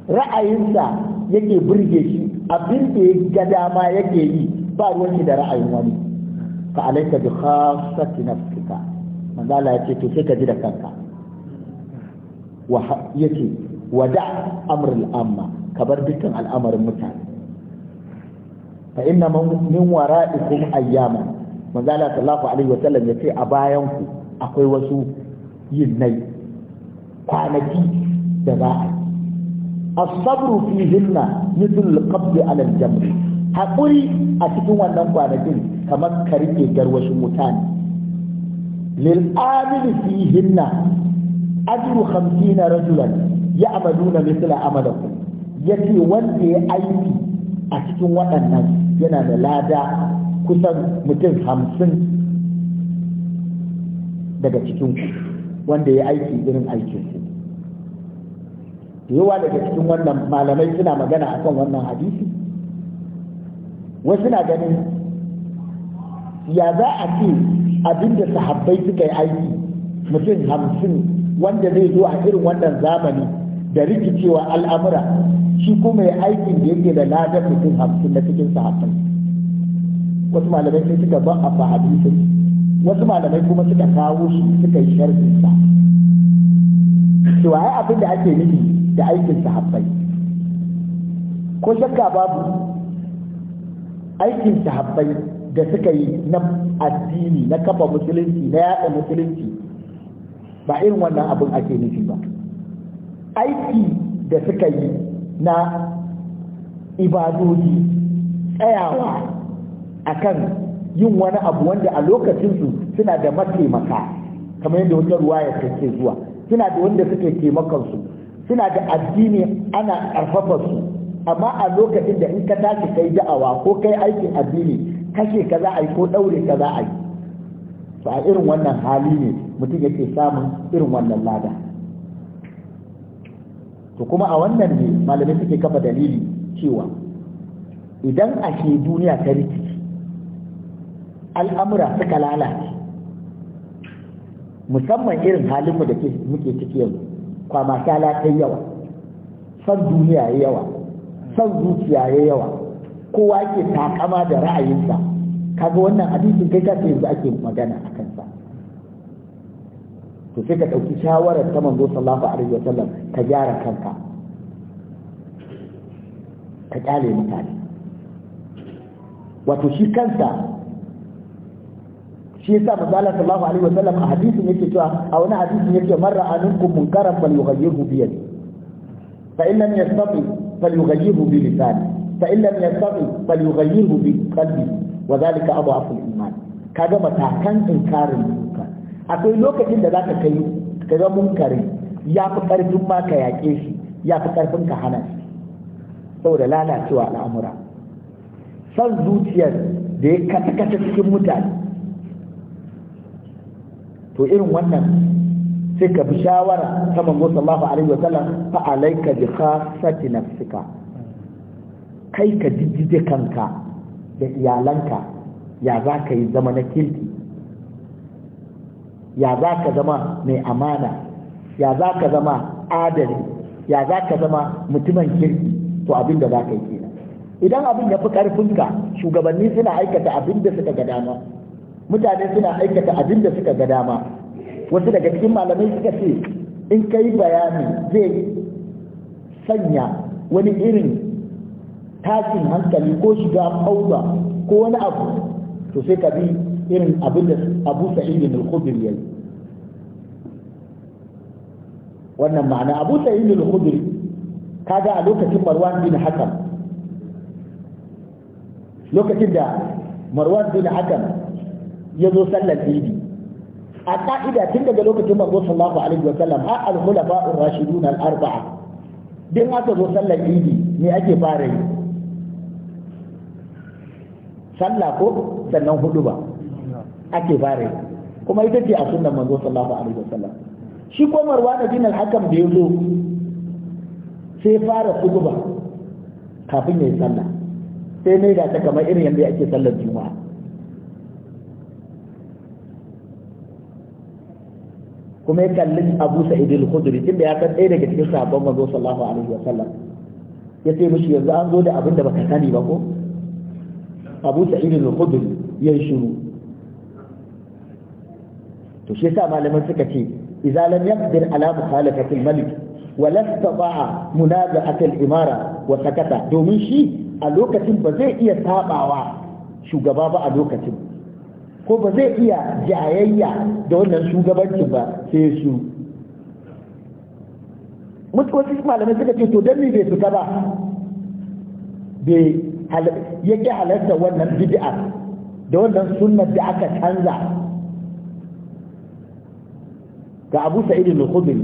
ra'ayinsa yake burge shi abin da ya ga dama yake yi ba ruwan shi da ra'ayin wani fa alayka bi khassati nafsika manzala ce, to sai ka ji da kanka wa yace wada amrul amma ka bar dukkan al'amarin mutane fa inna min wara'ikum ayyama manzo Allah sallallahu alaihi wa sallam yace a bayan ku akwai wasu yinnai kwanaki da za a yi asabru fihinna mithl al-qabd ala al-jamr hakuri a cikin wannan kwanakin kamar ka rike garwashin mutane lil amil fihinna ajru 50 rajulan ya'maluna mithla amalikum yace wanda ya aiki a cikin waɗannan yana da lada kusan mutum hamsin daga cikin ku wanda ya aiki irin aikin su yawa daga cikin wannan malamai suna magana akan wannan hadisi wasu na ganin ya za a ce abinda sahabbai suka yi aiki mutum hamsin wanda zai zo a irin wannan zamani da rikicewa al'amura shi kuma ya aikin da yake da ladar mutum hamsin na cikin sahabbai wasu malamai sai suka ba a hadisin wasu malamai kuma suka kawo shi suka yi sharhin sa to ai abin da ake nufi da aikin sahabbai ko shakka babu aikin sahabbai da suka yi na addini na kafa musulunci na yaɗa musulunci ba irin wannan abin ake nufi ba aiki da suka yi na ibadoji tsayawa akan yin wani abu wanda a lokacinsu suna da mataimaka kamar yadda wajen ruwa ya kake zuwa suna da wanda suke taimakonsu suna da addini ana ƙarfafa su amma a lokacin da in ka tashi kai da'awa ko kai aikin addini kashe ka za a yi ko ɗaure ka za a yi to a irin wannan hali ne mutum yake samun irin wannan lada to kuma a wannan ne malamai suke kafa dalili cewa idan a ke duniya ta rikici al'amura suka lalace musamman irin halin mu da muke ciki yanzu kwama tala ta yawa son duniya ya yawa son zuciya ya yawa kowa ke takama da ra'ayinsa kaga wannan abincin kai ta yanzu ake magana akan to sai ka ɗauki shawarar ta manzo sallallahu alaihi wa sallam ka gyara kanka ka kyale mutane wato shi kansa shi yasa manzo sallallahu alaihi wa sallam a hadisin yake cewa a wani hadisin yake marra anunkum munkaran falyughayyirhu bi yadihi fa in lam yastati falyughayyirhu bi lisani fa in lam yastati falyughayyirhu bi qalbi wa dhalika adhafu al-iman kaga matakan inkarin akwai lokacin da za ka kai ka ga munkari ya fi ƙarfin ma ka yaƙe shi ya fi ƙarfin ka hana shi saboda lalacewa al'amura San zuciyar da ya kata cikin mutane to irin wannan sai ka bi shawara ta mango sallahu alaihi wa sallam fa alaika bi khassati nafsika kai ka jijjije kanka da iyalanka ya za ka yi zama na kilki? ya za ka zama mai amana ya za ka zama adali ya za ka zama mutumin kirki to abin da za ka yi kenan idan abin ya fi ƙarfinka shugabanni suna aikata abin da suka ga dama mutane suna aikata abin da suka ga dama wasu daga cikin malamai suka ce in ka yi bayani zai sanya wani irin tashin hankali ko shiga fauza ko wani abu to sai ka bi irin abin da abu sa'idin al-khudri yayi wannan ma'ana abu sa'idin al-khudri kaga a lokacin marwan bin hakam lokacin da marwan bin hakam ya zo sallar idi a ka'ida tun daga lokacin manzo sallallahu alaihi wa sallam har al-khulafa ar-rashidun al-arba'a din aka zo sallar idi me ake fara yi sallah ko sannan hudu ba ake bare kuma ita ce a sunan manzo sallallahu alaihi wasallam shi ko marwa bin al hakan da yazo sai fara kutuba kafin yayi sallah sai ne da ta kamar irin yanda ake sallar juma'a kuma ya kalli Abu Sa'id al-Khudri tunda ya san ɗaya daga cikin sahabban manzo sallallahu alaihi wasallam ya ce mishi yanzu an zo da abin da baka sani ba ko Abu Sa'id al-Khudri ya shiru to shi yasa malaman suka ce idza lam yaqdir ala mukhalafati al-malik wa la istata'a munaza'at al-imara wa sakata domin shi a lokacin ba zai iya sabawa shugaba ba a lokacin ko ba zai iya jayayya da wannan shugabancin ba sai su sai malamai suka ce to don me bai fita ba bai yake halarta wannan bid'a da wannan sunnar da aka canza Ga abu sa'id al-khudri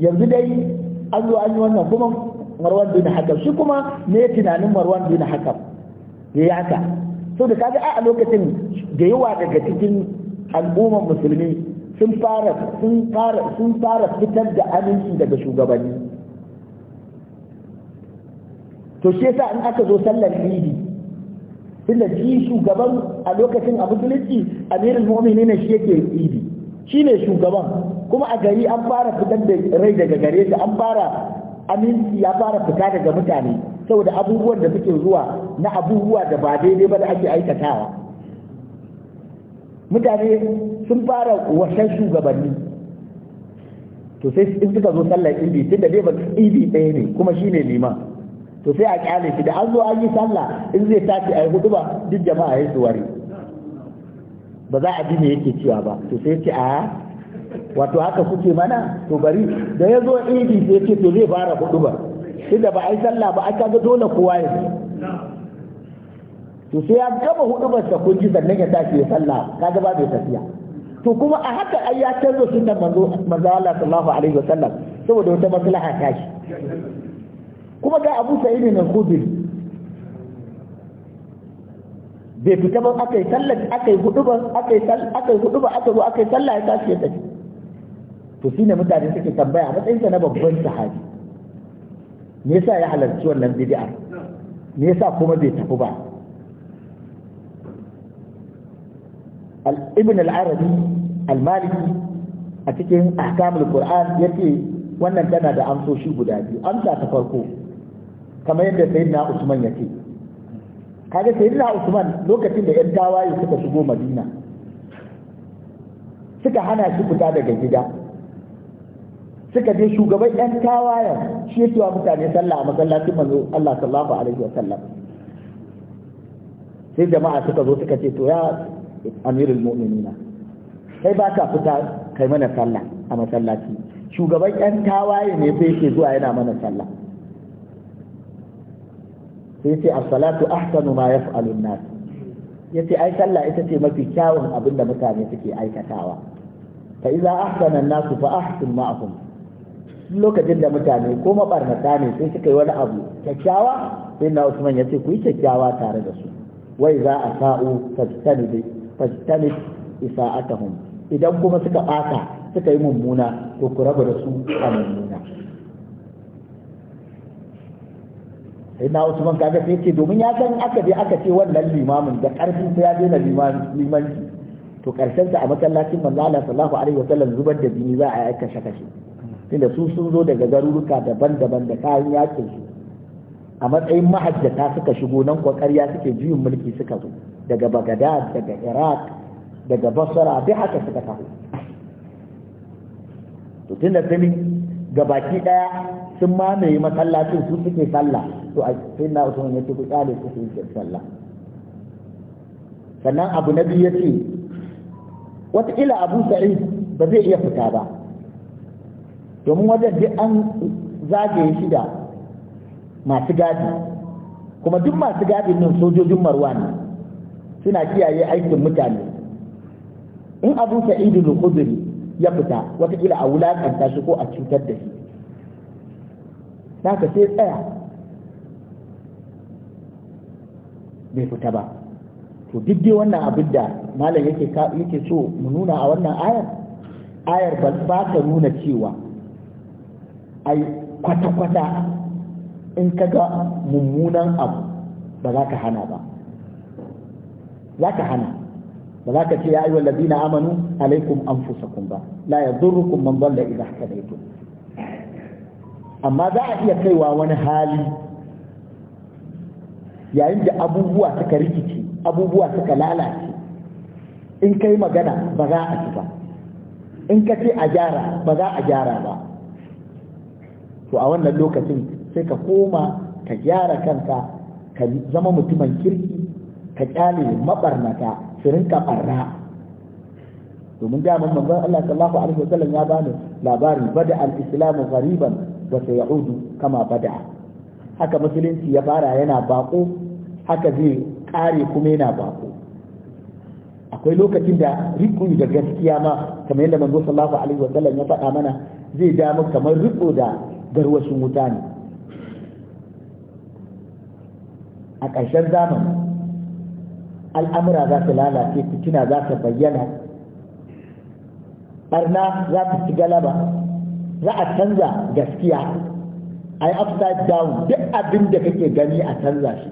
yanzu dai an zo an yi wannan kuma marwan bin hakam shi kuma ne tunanin marwan bin hakam ya yi haka so da kaga a lokacin da yawa daga cikin al'ummar musulmi sun fara sun fara sun fara fitar da aminci daga shugabanni to shi yasa in aka zo sallar idi inda shi shugaban a lokacin abu musulunci amirul mu'minin shi yake idi ne shugaban kuma a gari an fara fitar da rai daga gare an fara aminci ya fara fita daga mutane saboda abubuwan da suke zuwa na abubuwa da ba daidai ba da ake aikatawa mutane sun fara wasan shugabanni to sai in suka zo sallar idi tunda dai ba idi ɗaya ne kuma shi ne liman to sai a kyale shi da an zo an yi sallah in zai tashi a yi hudu ba duk jama'a ya su ware ba za a bi me yake cewa ba to sai ce a wato haka kuke mana to bari da ya zo idi sai ce to zai fara hudu ba tunda ba a yi sallah ba a kaga dole kowa ya to sai ya gama hudu ba sa kun ji sannan ya tashi ya sallah kaga ba bai tafiya to kuma a haka ai ya canza sunnan manzo manzo Allah sallallahu alaihi wasallam saboda wata maslaha ta shi kuma ga Abu Sa'id bin Khudri bai fita ba akai sallah akai hudu ba akai sallah akai hudu ba aka zo akai sallah ya tashi ya tafi to mutane suke tambaya a matsayinsa na babban sahabi me yasa ya halarci wannan bid'a me yasa kuma bai tafi ba ibn al-arabi al-maliki a cikin ahkamul qur'an yace wannan tana da amsoshi guda biyu amsa ta farko kamar yadda sayyidina usman yace kaga sayyidina usman lokacin da yan tawaye suka shigo madina suka hana shi fita daga gida suka je shugaban ɗan tawayen shi ya wa mutane sallah a masallacin manzo Allah sallallahu alaihi Sallam. sai jama'a suka zo suka ce to ya amirul mu'minina kai ba ka fita kai mana sallah a masallaci shugaban ɗan tawaye ne sai yake zuwa yana mana sallah sai ce as-salatu ahsanu ma yaf'alu an-nas yace ai sallah ita ce mafi kyawun abinda mutane suke aikatawa fa idza ahsana an-nas fa ahsin ma'ahum lokacin da mutane ko mabarnata ne sai suka yi wani abu kyakkyawa sai na usman ya ce ku yi kyakkyawa tare da su wai za a sa'u aka isa'atahum idan kuma suka ɓata suka yi mummuna to ku raba da su a mummuna sai na usman kaga sai ce domin ya san aka je aka ce wannan limamin da ƙarfin sai ya daina limanci to karshen sa a masallacin manzo Allah sallallahu alaihi wasallam zubar da jini za a yi shakashi? tunda su sun zo daga garuruka daban-daban da kayan yakin su a matsayin mahajjata suka shigo nan ƙwaƙarya suke juyin mulki suka zo daga bagadad daga iraq daga basra duk haka suka taho to tunda ga gabaki daya sun mamaye masallacin su suke sallah to a cikin na usman ya ce ku tsale su su yi sallah sannan abu na biyu ya ce ila abu sa'id ba zai iya fita ba domin wajen duk an zagaye shi da masu gadi kuma duk masu gadi nan sojojin marwa ne suna kiyaye aikin mutane in abu ta idin khudri ya fita watakila a wulakanta shi ko a cutar da shi ka sai tsaya bai fita ba to duk wannan abin da malam yake yake so mu nuna a wannan ayar ayar ba ta nuna cewa ai kwata-kwata in ka ga mummunan abu ba za ka hana ba za ka hana ba za ka ce ya ayyuhal ladina amanu alaikum anfusakum ba la yadurrukum man dalla da hadaytum amma za a iya kaiwa wani hali yayin da abubuwa suka rikice abubuwa suka lalace in kai magana ba za a ci ba in ka ce a gyara ba za a gyara ba to a wannan lokacin sai ka koma ka gyara kanka ka zama mutumin kirki ka kyale mabarnata su rinka barna domin da mun manzon Allah sallallahu alaihi wasallam ya bani labari bada al-islam ghariban wa sayaudu kama bada haka musulunci ya fara yana bako haka zai kare kuma yana bako akwai lokacin da riko da gaskiya ma kamar yadda manzo sallallahu alaihi wasallam ya faɗa mana zai da mu kamar riko da garwashin wuta ne a ƙarshen zamani al'amura za su lalace fitina za ta bayyana ɓarna za ta ci galaba za a canza gaskiya ai upside down duk abin da kake gani a canza shi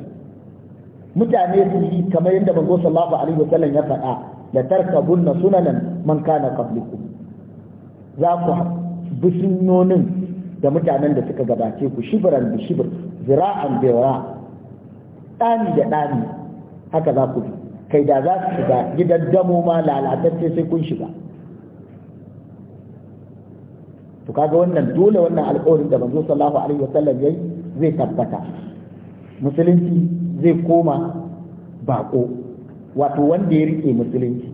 mutane su yi kamar yadda manzo Ali alaihi wasallam ya faɗa da tarkabun na sunanan man kana qablikum za ku bi sunnonin da mutanen da suka gabace ku shibiran da shibir zira'an bewara ɗani da ɗani haka za ku bi kai da za su shiga gidan damo ma lalatacce sai kun shiga to kaga wannan dole wannan alƙawarin da manzo sallallahu alaihi wasallam yayi zai tabbata musulunci zai koma bako wato wanda ya rike musulunci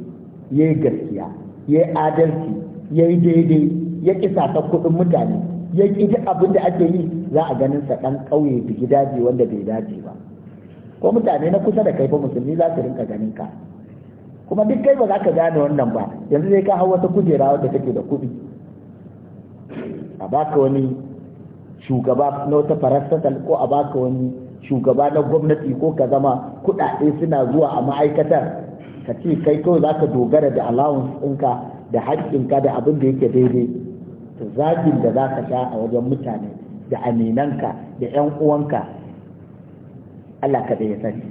yayi gaskiya yayi adalci yayi daidai ya kisa ta kudin mutane ya ƙi duk abin da ake yi za a ganin sa ɗan ƙauye gida je wanda bai dace ba ko mutane na kusa da kai fa musulmi za su rinka ganin ka kuma duk kai ba za ka gane wannan ba yanzu zai ka hau wata kujera wadda take da kuɗi a baka wani shugaba na wata farastatal ko a baka wani shugaba na gwamnati ko ka zama kuɗaɗe suna zuwa a ma'aikatar ka ce kai kawai za ka dogara da allowance ɗinka da haƙƙinka da abin da yake daidai to zagin da za ka sha a wajen mutane da aminanka da 'yan uwanka Allah ka da ya sani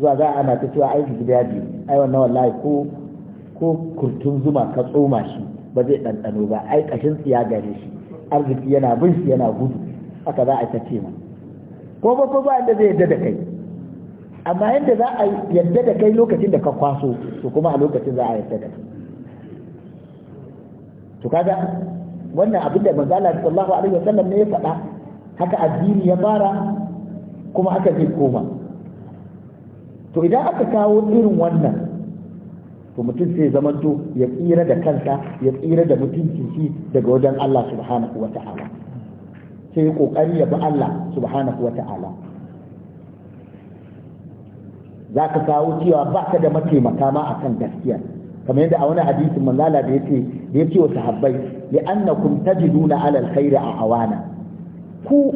zuwa za ana ta cewa aiki gida biyu ai wannan wallahi ko ko kurtun zuma ka tsoma shi ba zai ɗanɗano ba ai ƙashin tsiya gare shi arziki yana bin shi yana gudu haka za a ta ce ma ko ba ko ba inda zai yadda da kai amma yadda za a yadda da kai lokacin da ka kwaso to kuma a lokacin za a yadda da kai to kaga wannan abin da manzala sallallahu alaihi wasallam ne ya faɗa haka addini ya fara kuma haka zai koma to idan aka kawo irin wannan to mutum sai zamanto ya tsira da kansa ya tsira da mutunci shi daga wajen Allah subhanahu wa ta'ala sai kokari ya bi Allah subhanahu wa ta'ala za ka kawo cewa ba ka da mataimaka ma akan gaskiya kamar yadda a wani hadisin manzala da ya ce da ya ce wa sahabbai li'annakum tajiduna ala alkhairi a awana ku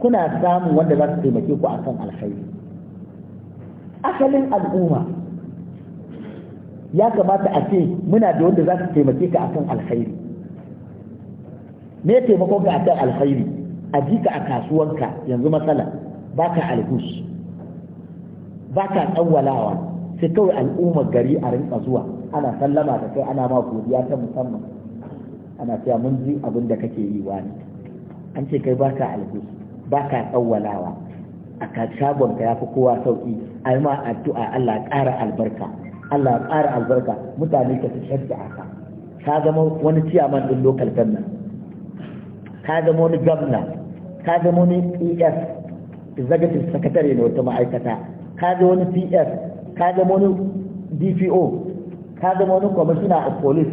kuna samun wanda za su taimake ku akan alkhairi asalin al'umma ya kamata a ce muna da wanda za su taimake ka akan alkhairi me taimakon ka akan alkhairi a ji ka a kasuwanka yanzu matsala ba ka algus ba ka tsawalawa sai kawai al'ummar gari a rinka zuwa ana sallama da kai ana ma godiya ta musamman ana cewa mun ji abin da kake yi wani an ce kai baka alheri baka tsawwalawa a ka shagon ka yafi kowa sauki ai ma addu'a Allah ƙara albarka Allah ƙara albarka mutane ka su shadda aka ka zama wani ciyaman din local government ka zama wani gwamna ka zama wani ES executive secretary na wata ma'aikata ka zama wani PS ka zama wani DPO ka zama wani kwamishina a polis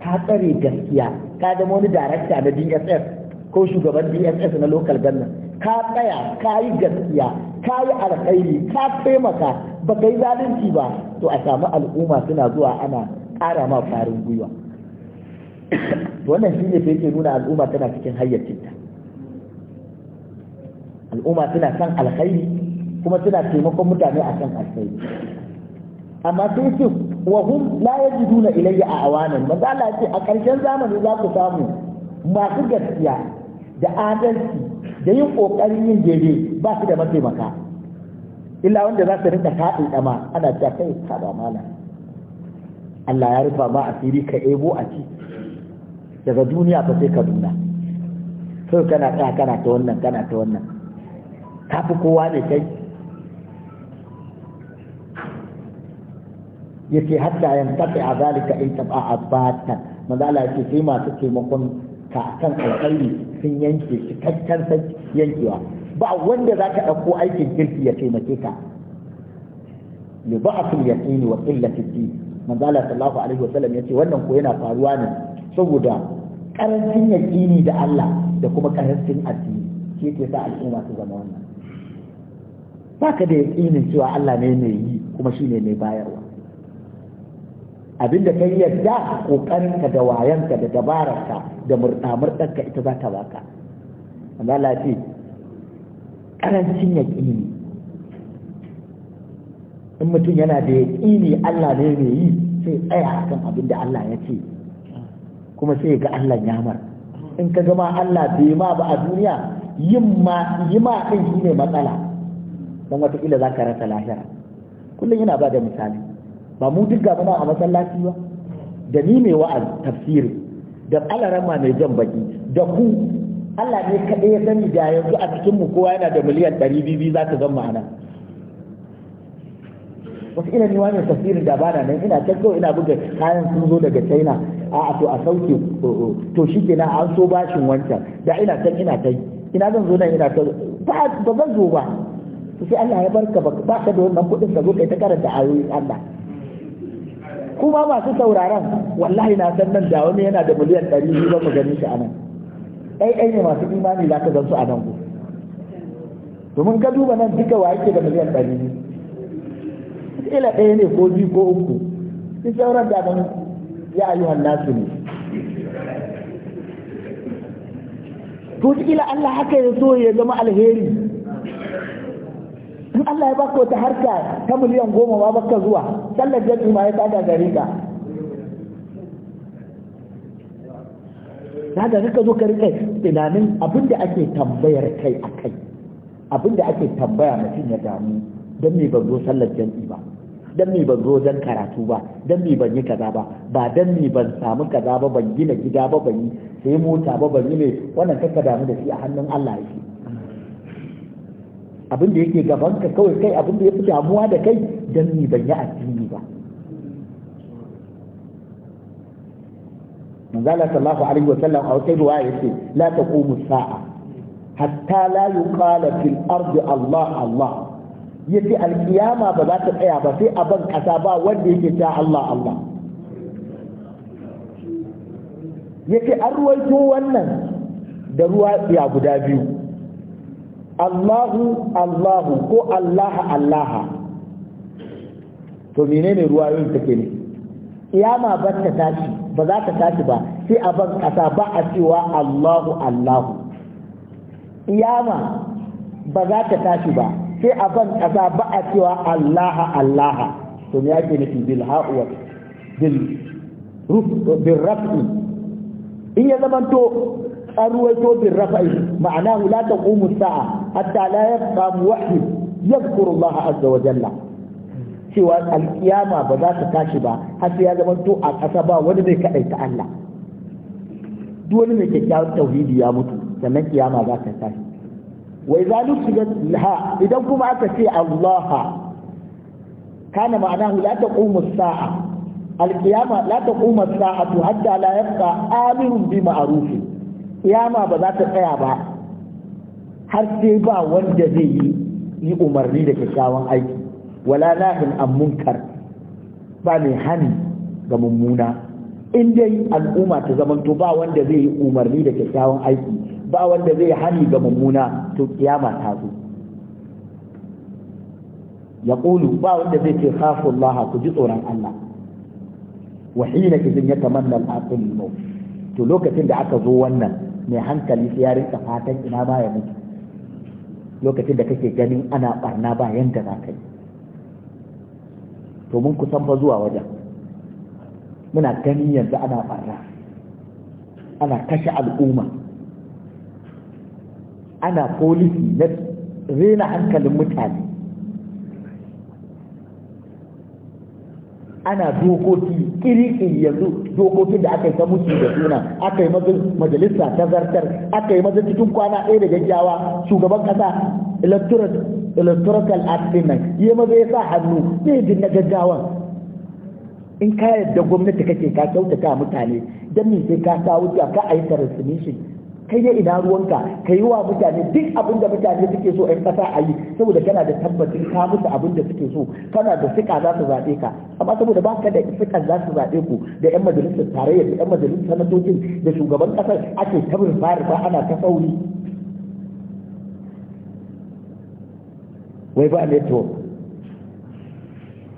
ka tsare gaskiya ka zama wani darakta na dss ko shugaban dss na lokal government ka tsaya ka yi gaskiya ka yi alkhairi ka taimaka ba ka yi zalunci ba to a samu al'umma suna zuwa ana ƙara ma farin gwiwa (coughs) wannan shi ne yake nuna al'umma tana cikin hayyacinta al'umma tana son alkhairi kuma suna taimakon mutane a kan alkhairi amma sai ce wa hum la yajiduna ilayya a awanan manzo Allah ce a ƙarshen zamani za ku samu masu gaskiya da adalci da yin ƙoƙarin yin daidai ba su da mataimaka illa wanda za su rinka kaɗin ɗama ana ta kai ka ba mala Allah ya rufa ma asiri ka ebo a ci daga duniya ba sai Kaduna sai kana kana ta wannan kana ta wannan kafi kowa ne kai yake hatta a zalika in tab'a a manzo Allah yake sai masu taimakon ka kan alƙairi sun yanke cikakken yankewa ba wanda za ka ɗauko aikin kirki ya taimake ka li ba'atul yaqin wa qillati din manzo Allah sallallahu alaihi sallam yace wannan ko yana faruwa ne saboda karancin yaqini da Allah da kuma karancin addini shi yake sa al'umma su zama wannan baka da yaqinin cewa Allah ne mai yi kuma shine mai bayarwa abinda ka yi yadda kokarinka da wayanka da dabararka da murɗa-murɗarka ita za ta baka amma lafi ƙarancin yaƙini in mutum yana da yaƙini Allah ne mai yi sai tsaya akan abin da Allah ya ce kuma sai ga Allah nyamar. in ka gama Allah bai ma ba a duniya yin ma yi ma kan shi ne matsala don watakila za ka rasa lahira kullum yana ba da misali ba mu duk gaba a masallaci ba da ni mai wa'azi tafsiri da alarama mai jan baki da ku Allah ne kaɗai ya sani da yanzu a cikin mu kowa yana da miliyan ɗari biyu za ka zama ana wasu ina ni wani tafsirin da bana nan ina can ina buga kayan sun zo daga china a to a sauke to shi na an so bashin wancan da ina can ina ta ina zan zo nan ina ta ba zan zo ba sai Allah ya barka ba ka da wannan kuɗin ka zo kai ta karanta ayoyin Allah kuma masu sauraron wallahi na san nan da wani yana da miliyan ɗari biyu ba mu gani shi a nan ɗai ne masu imani za ka zan su a nan domin ka duba nan duka wa yake da miliyan ɗari biyu ila ɗaya ne ko biyu ko uku duk sauran da nan ya ayyuhan nasu ne to ila Allah haka ya so ya zama alheri in Allah ya baka wata harka ta miliyan goma ba baka zuwa sallar jami'i ma ya tsada gare ka da ka zo ka rika tunanin abin da ake tambayar kai a kai abin da ake tambaya mutum ya damu don me ban zo sallar jami'a ba don me ban zo don karatu ba don me ban yi kaza ba ba don me ban samu kaza ba ban gina gida ba ban yi sai mota ba ban yi ne wannan kakka damu da shi a hannun Allah yake abin da yake gabanka kawai kai abin da ya fi damuwa da kai don ni ban yi addini ba manzala sallallahu alaihi wa sallam a wata ruwa yace la taqumu sa'a hatta la yuqala fil ardi Allah Allah yace alkiyama ba za ta tsaya ba sai a ban kasa ba wanda yake ta Allah Allah yace an ruwaito wannan da ruwa ya guda biyu Allahu Allahu ko Allah Allah to menene ruwayoyin take ne kiyama ba ta tashi ba za ta tashi ba sai a ban kasa ba a cewa Allahu Allahu kiyama ba za ta tashi ba sai a ban kasa ba a cewa Allah Allah to me yake nufi bil ha'u bil ruf bil rafi in ya zamanto an ruwaito bin rafa'i ma'ana la taqumu sa'a hatta la yabqa muwahhid yadhkuru Allah azza wa jalla cewa alkiyama ba za ta tashi ba har sai ya zama to a ƙasa ba wani zai kaɗaita Allah duk wani mai kyakkyawan tauhidi ya mutu sannan kiyama za ta tashi wa idza nusibat laha idan kuma aka ce Allah kana ma'anahu la taqumu sa'a sa'atu hatta la yabqa amirun bi ba za ta tsaya ba har sai ba wanda zai yi yi umarni da kyakkyawan aiki wala nahin an munkar ba mai hani ga mummuna in dai al'umma ta zamanto ba wanda zai yi umarni da kyakkyawan aiki ba wanda zai hani ga mummuna to kiyama ta zo ya ba wanda zai ce khafu Allah ku ji tsoron Allah wa hina idin ya tamanna al-aqil to lokacin da aka zo wannan mai hankali sai ya rinka fatan ina ba ya mutu lokacin da kake ganin ana barna ba yanda za ka yi to mun kusan fa zuwa wajen muna ganin yanzu ana barna ana kashe al'umma ana polisi na rena hankalin mutane ana dokoki kiri yanzu dokokin da aka yi ta musu da suna aka yi majalisa ta zartar aka yi maza cikin kwana ɗaya da gaggawa shugaban ƙasa electoral act nan ya maza ya sa hannu zai jin na gaggawan in ka yadda gwamnati kake ka kyautata mutane don me sai ka wuta ka a yi kai ya ina ruwanka ka yi wa mutane duk abin da mutane suke so ɗan ƙasa a yi saboda kana da tabbacin ka musu abin da suke so kana da sika za su zaɓe ka amma saboda ba ka da fika za su zaɓe ku da ƴan majalisar tarayyar da ƴan majalisar sanatocin da shugaban ƙasar ake ta bayar ba ana ta sauri wai ba network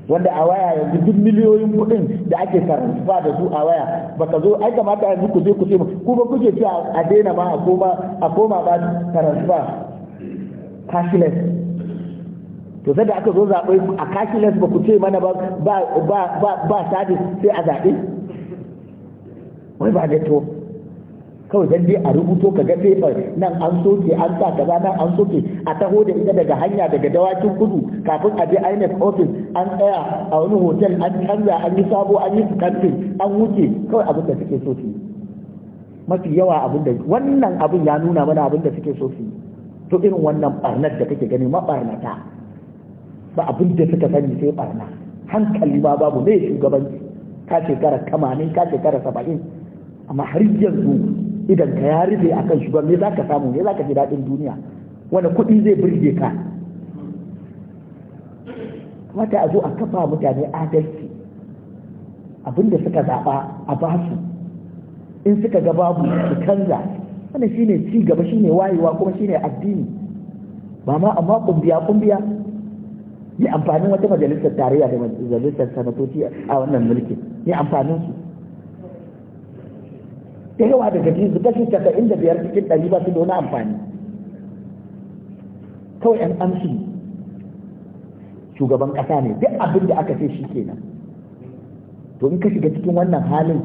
wanda a waya yanzu duk miliyoyin kuɗin da ake sarrafa da su a waya baka zo ai kamata yanzu ku je ku ce ku ba kuke cewa a daina ma a koma a koma ba sarrafa cashless to sai da aka zo zaɓe a cashless ba ku ce mana ba ba ba ba sai a zaɓe wai ba da to kawai dan dai a rubuto ka ga paper nan an soke an sa kaza nan an soke a taho da ita daga hanya daga dawakin kudu kafin a je INEC office an tsaya a wani hotel an canza an yi sabo an yi kantin an wuce kawai abin da suke so su mafi yawa abin da wannan abin ya nuna mana abin da suke so su to irin wannan barnar da kake gani barnata ba abin da suka sani sai barna hankali ba babu ne shugabanci ka shekara 80 ka shekara 70 amma har yanzu idan ka ya rufe a kan ba me za ka samu me za ka fi daɗin duniya wani kuɗi zai birge ka mata a zo a kafa mutane adalci abinda suka zaɓa a basu in suka ga babu su canza wannan ne ci gaba ne wayewa kuma shi ne addini ba ma amma kumbiya kumbiya yi amfanin wata majalisar tarayya da majalisar sanatoci a wannan mulkin yi amfanin su da yawa daga jizu su kashi casa'in da biyar cikin ɗari ba su da wani amfani kawai yan amshi shugaban ƙasa ne duk abin da aka ce shi kenan to in ka shiga cikin wannan halin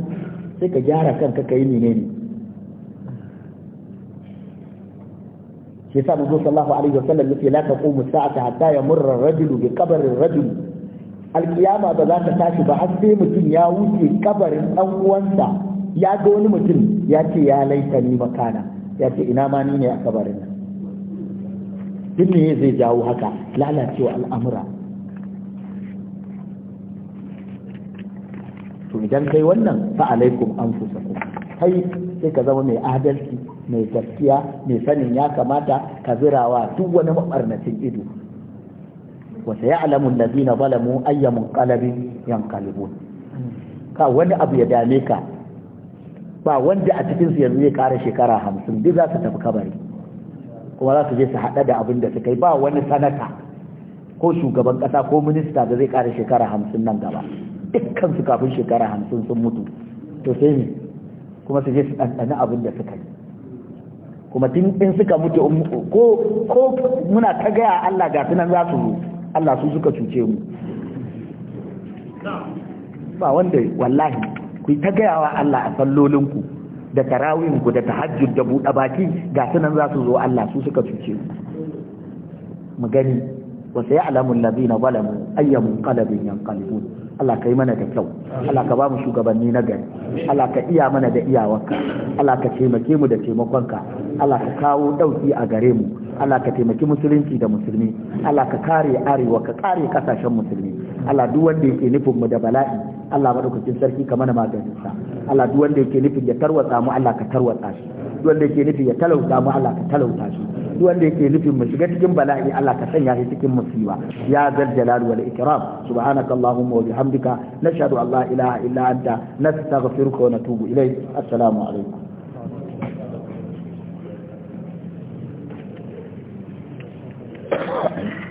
sai ka gyara kanka ka yi menene shi yasa manzo sallallahu alaihi wa wasallam yace la taqumu sa'ata hatta yamurra ar-rajulu bi qabri ar-rajul alkiyama ba za ta tashi ba har sai mutum ya wuce kabarin dan uwansa ya ga wani mutum ya ce ya laita ni makana ya ce ina ma ni ne a kabarin nan duk ne zai jawo haka lalacewa al'amura to idan kai wannan fa alaikum anfusakum kai sai ka zama mai adalci mai gaskiya mai sanin ya kamata ka zirawa duk wani mabarnacin ido wa alamu allazina zalamu ayyamun qalbin yanqalibun ka wani abu ya dame ka ba wanda a cikinsu yanzu ya kara shekara hamsin duk za su tafi kabari kuma za su je su haɗa da abin da su kai ba wani sanata ko shugaban ƙasa ko minista da zai kara shekara hamsin nan gaba dukkan su kafin shekara hamsin sun mutu to sai ne kuma su je su ɗanɗani abin da su kai kuma tun in suka mutu ko ko muna ta gaya Allah ga tunan za su Allah su suka cuce mu ba wanda wallahi ku ta gaya wa Allah a sallolinku da tarawihinku da tahajjud da buɗe baki ga sunan za su zo Allah su suka cuce ku mu gani wa sai alamun lazina zalamu ayyamun qalbin yanqalibun Allah ka yi mana da kyau Allah ka ba mu shugabanni na gari Allah ka iya mana da iyawarka Allah ka taimake mu da taimakonka Allah ka kawo ɗauki a gare mu Allah ka taimaki musulunci da musulmi Allah ka kare arewa ka kare kasashen musulmi Allah duk wanda yake nufin mu da bala'i Allah madaukakin sarki kamar na maganinsa Allah duk wanda yake nufin ya tarwatsa mu Allah ka tarwatsa shi duk wanda yake nufin ya talauta mu Allah ka talauta shi duk wanda yake nufin mu shiga cikin bala'i Allah ka sanya shi cikin musiba ya zal jalal wal ikram subhanaka allahumma wa bihamdika nashhadu an la ilaha illa anta nastaghfiruka wa natubu ilayk assalamu alaikum Thank you.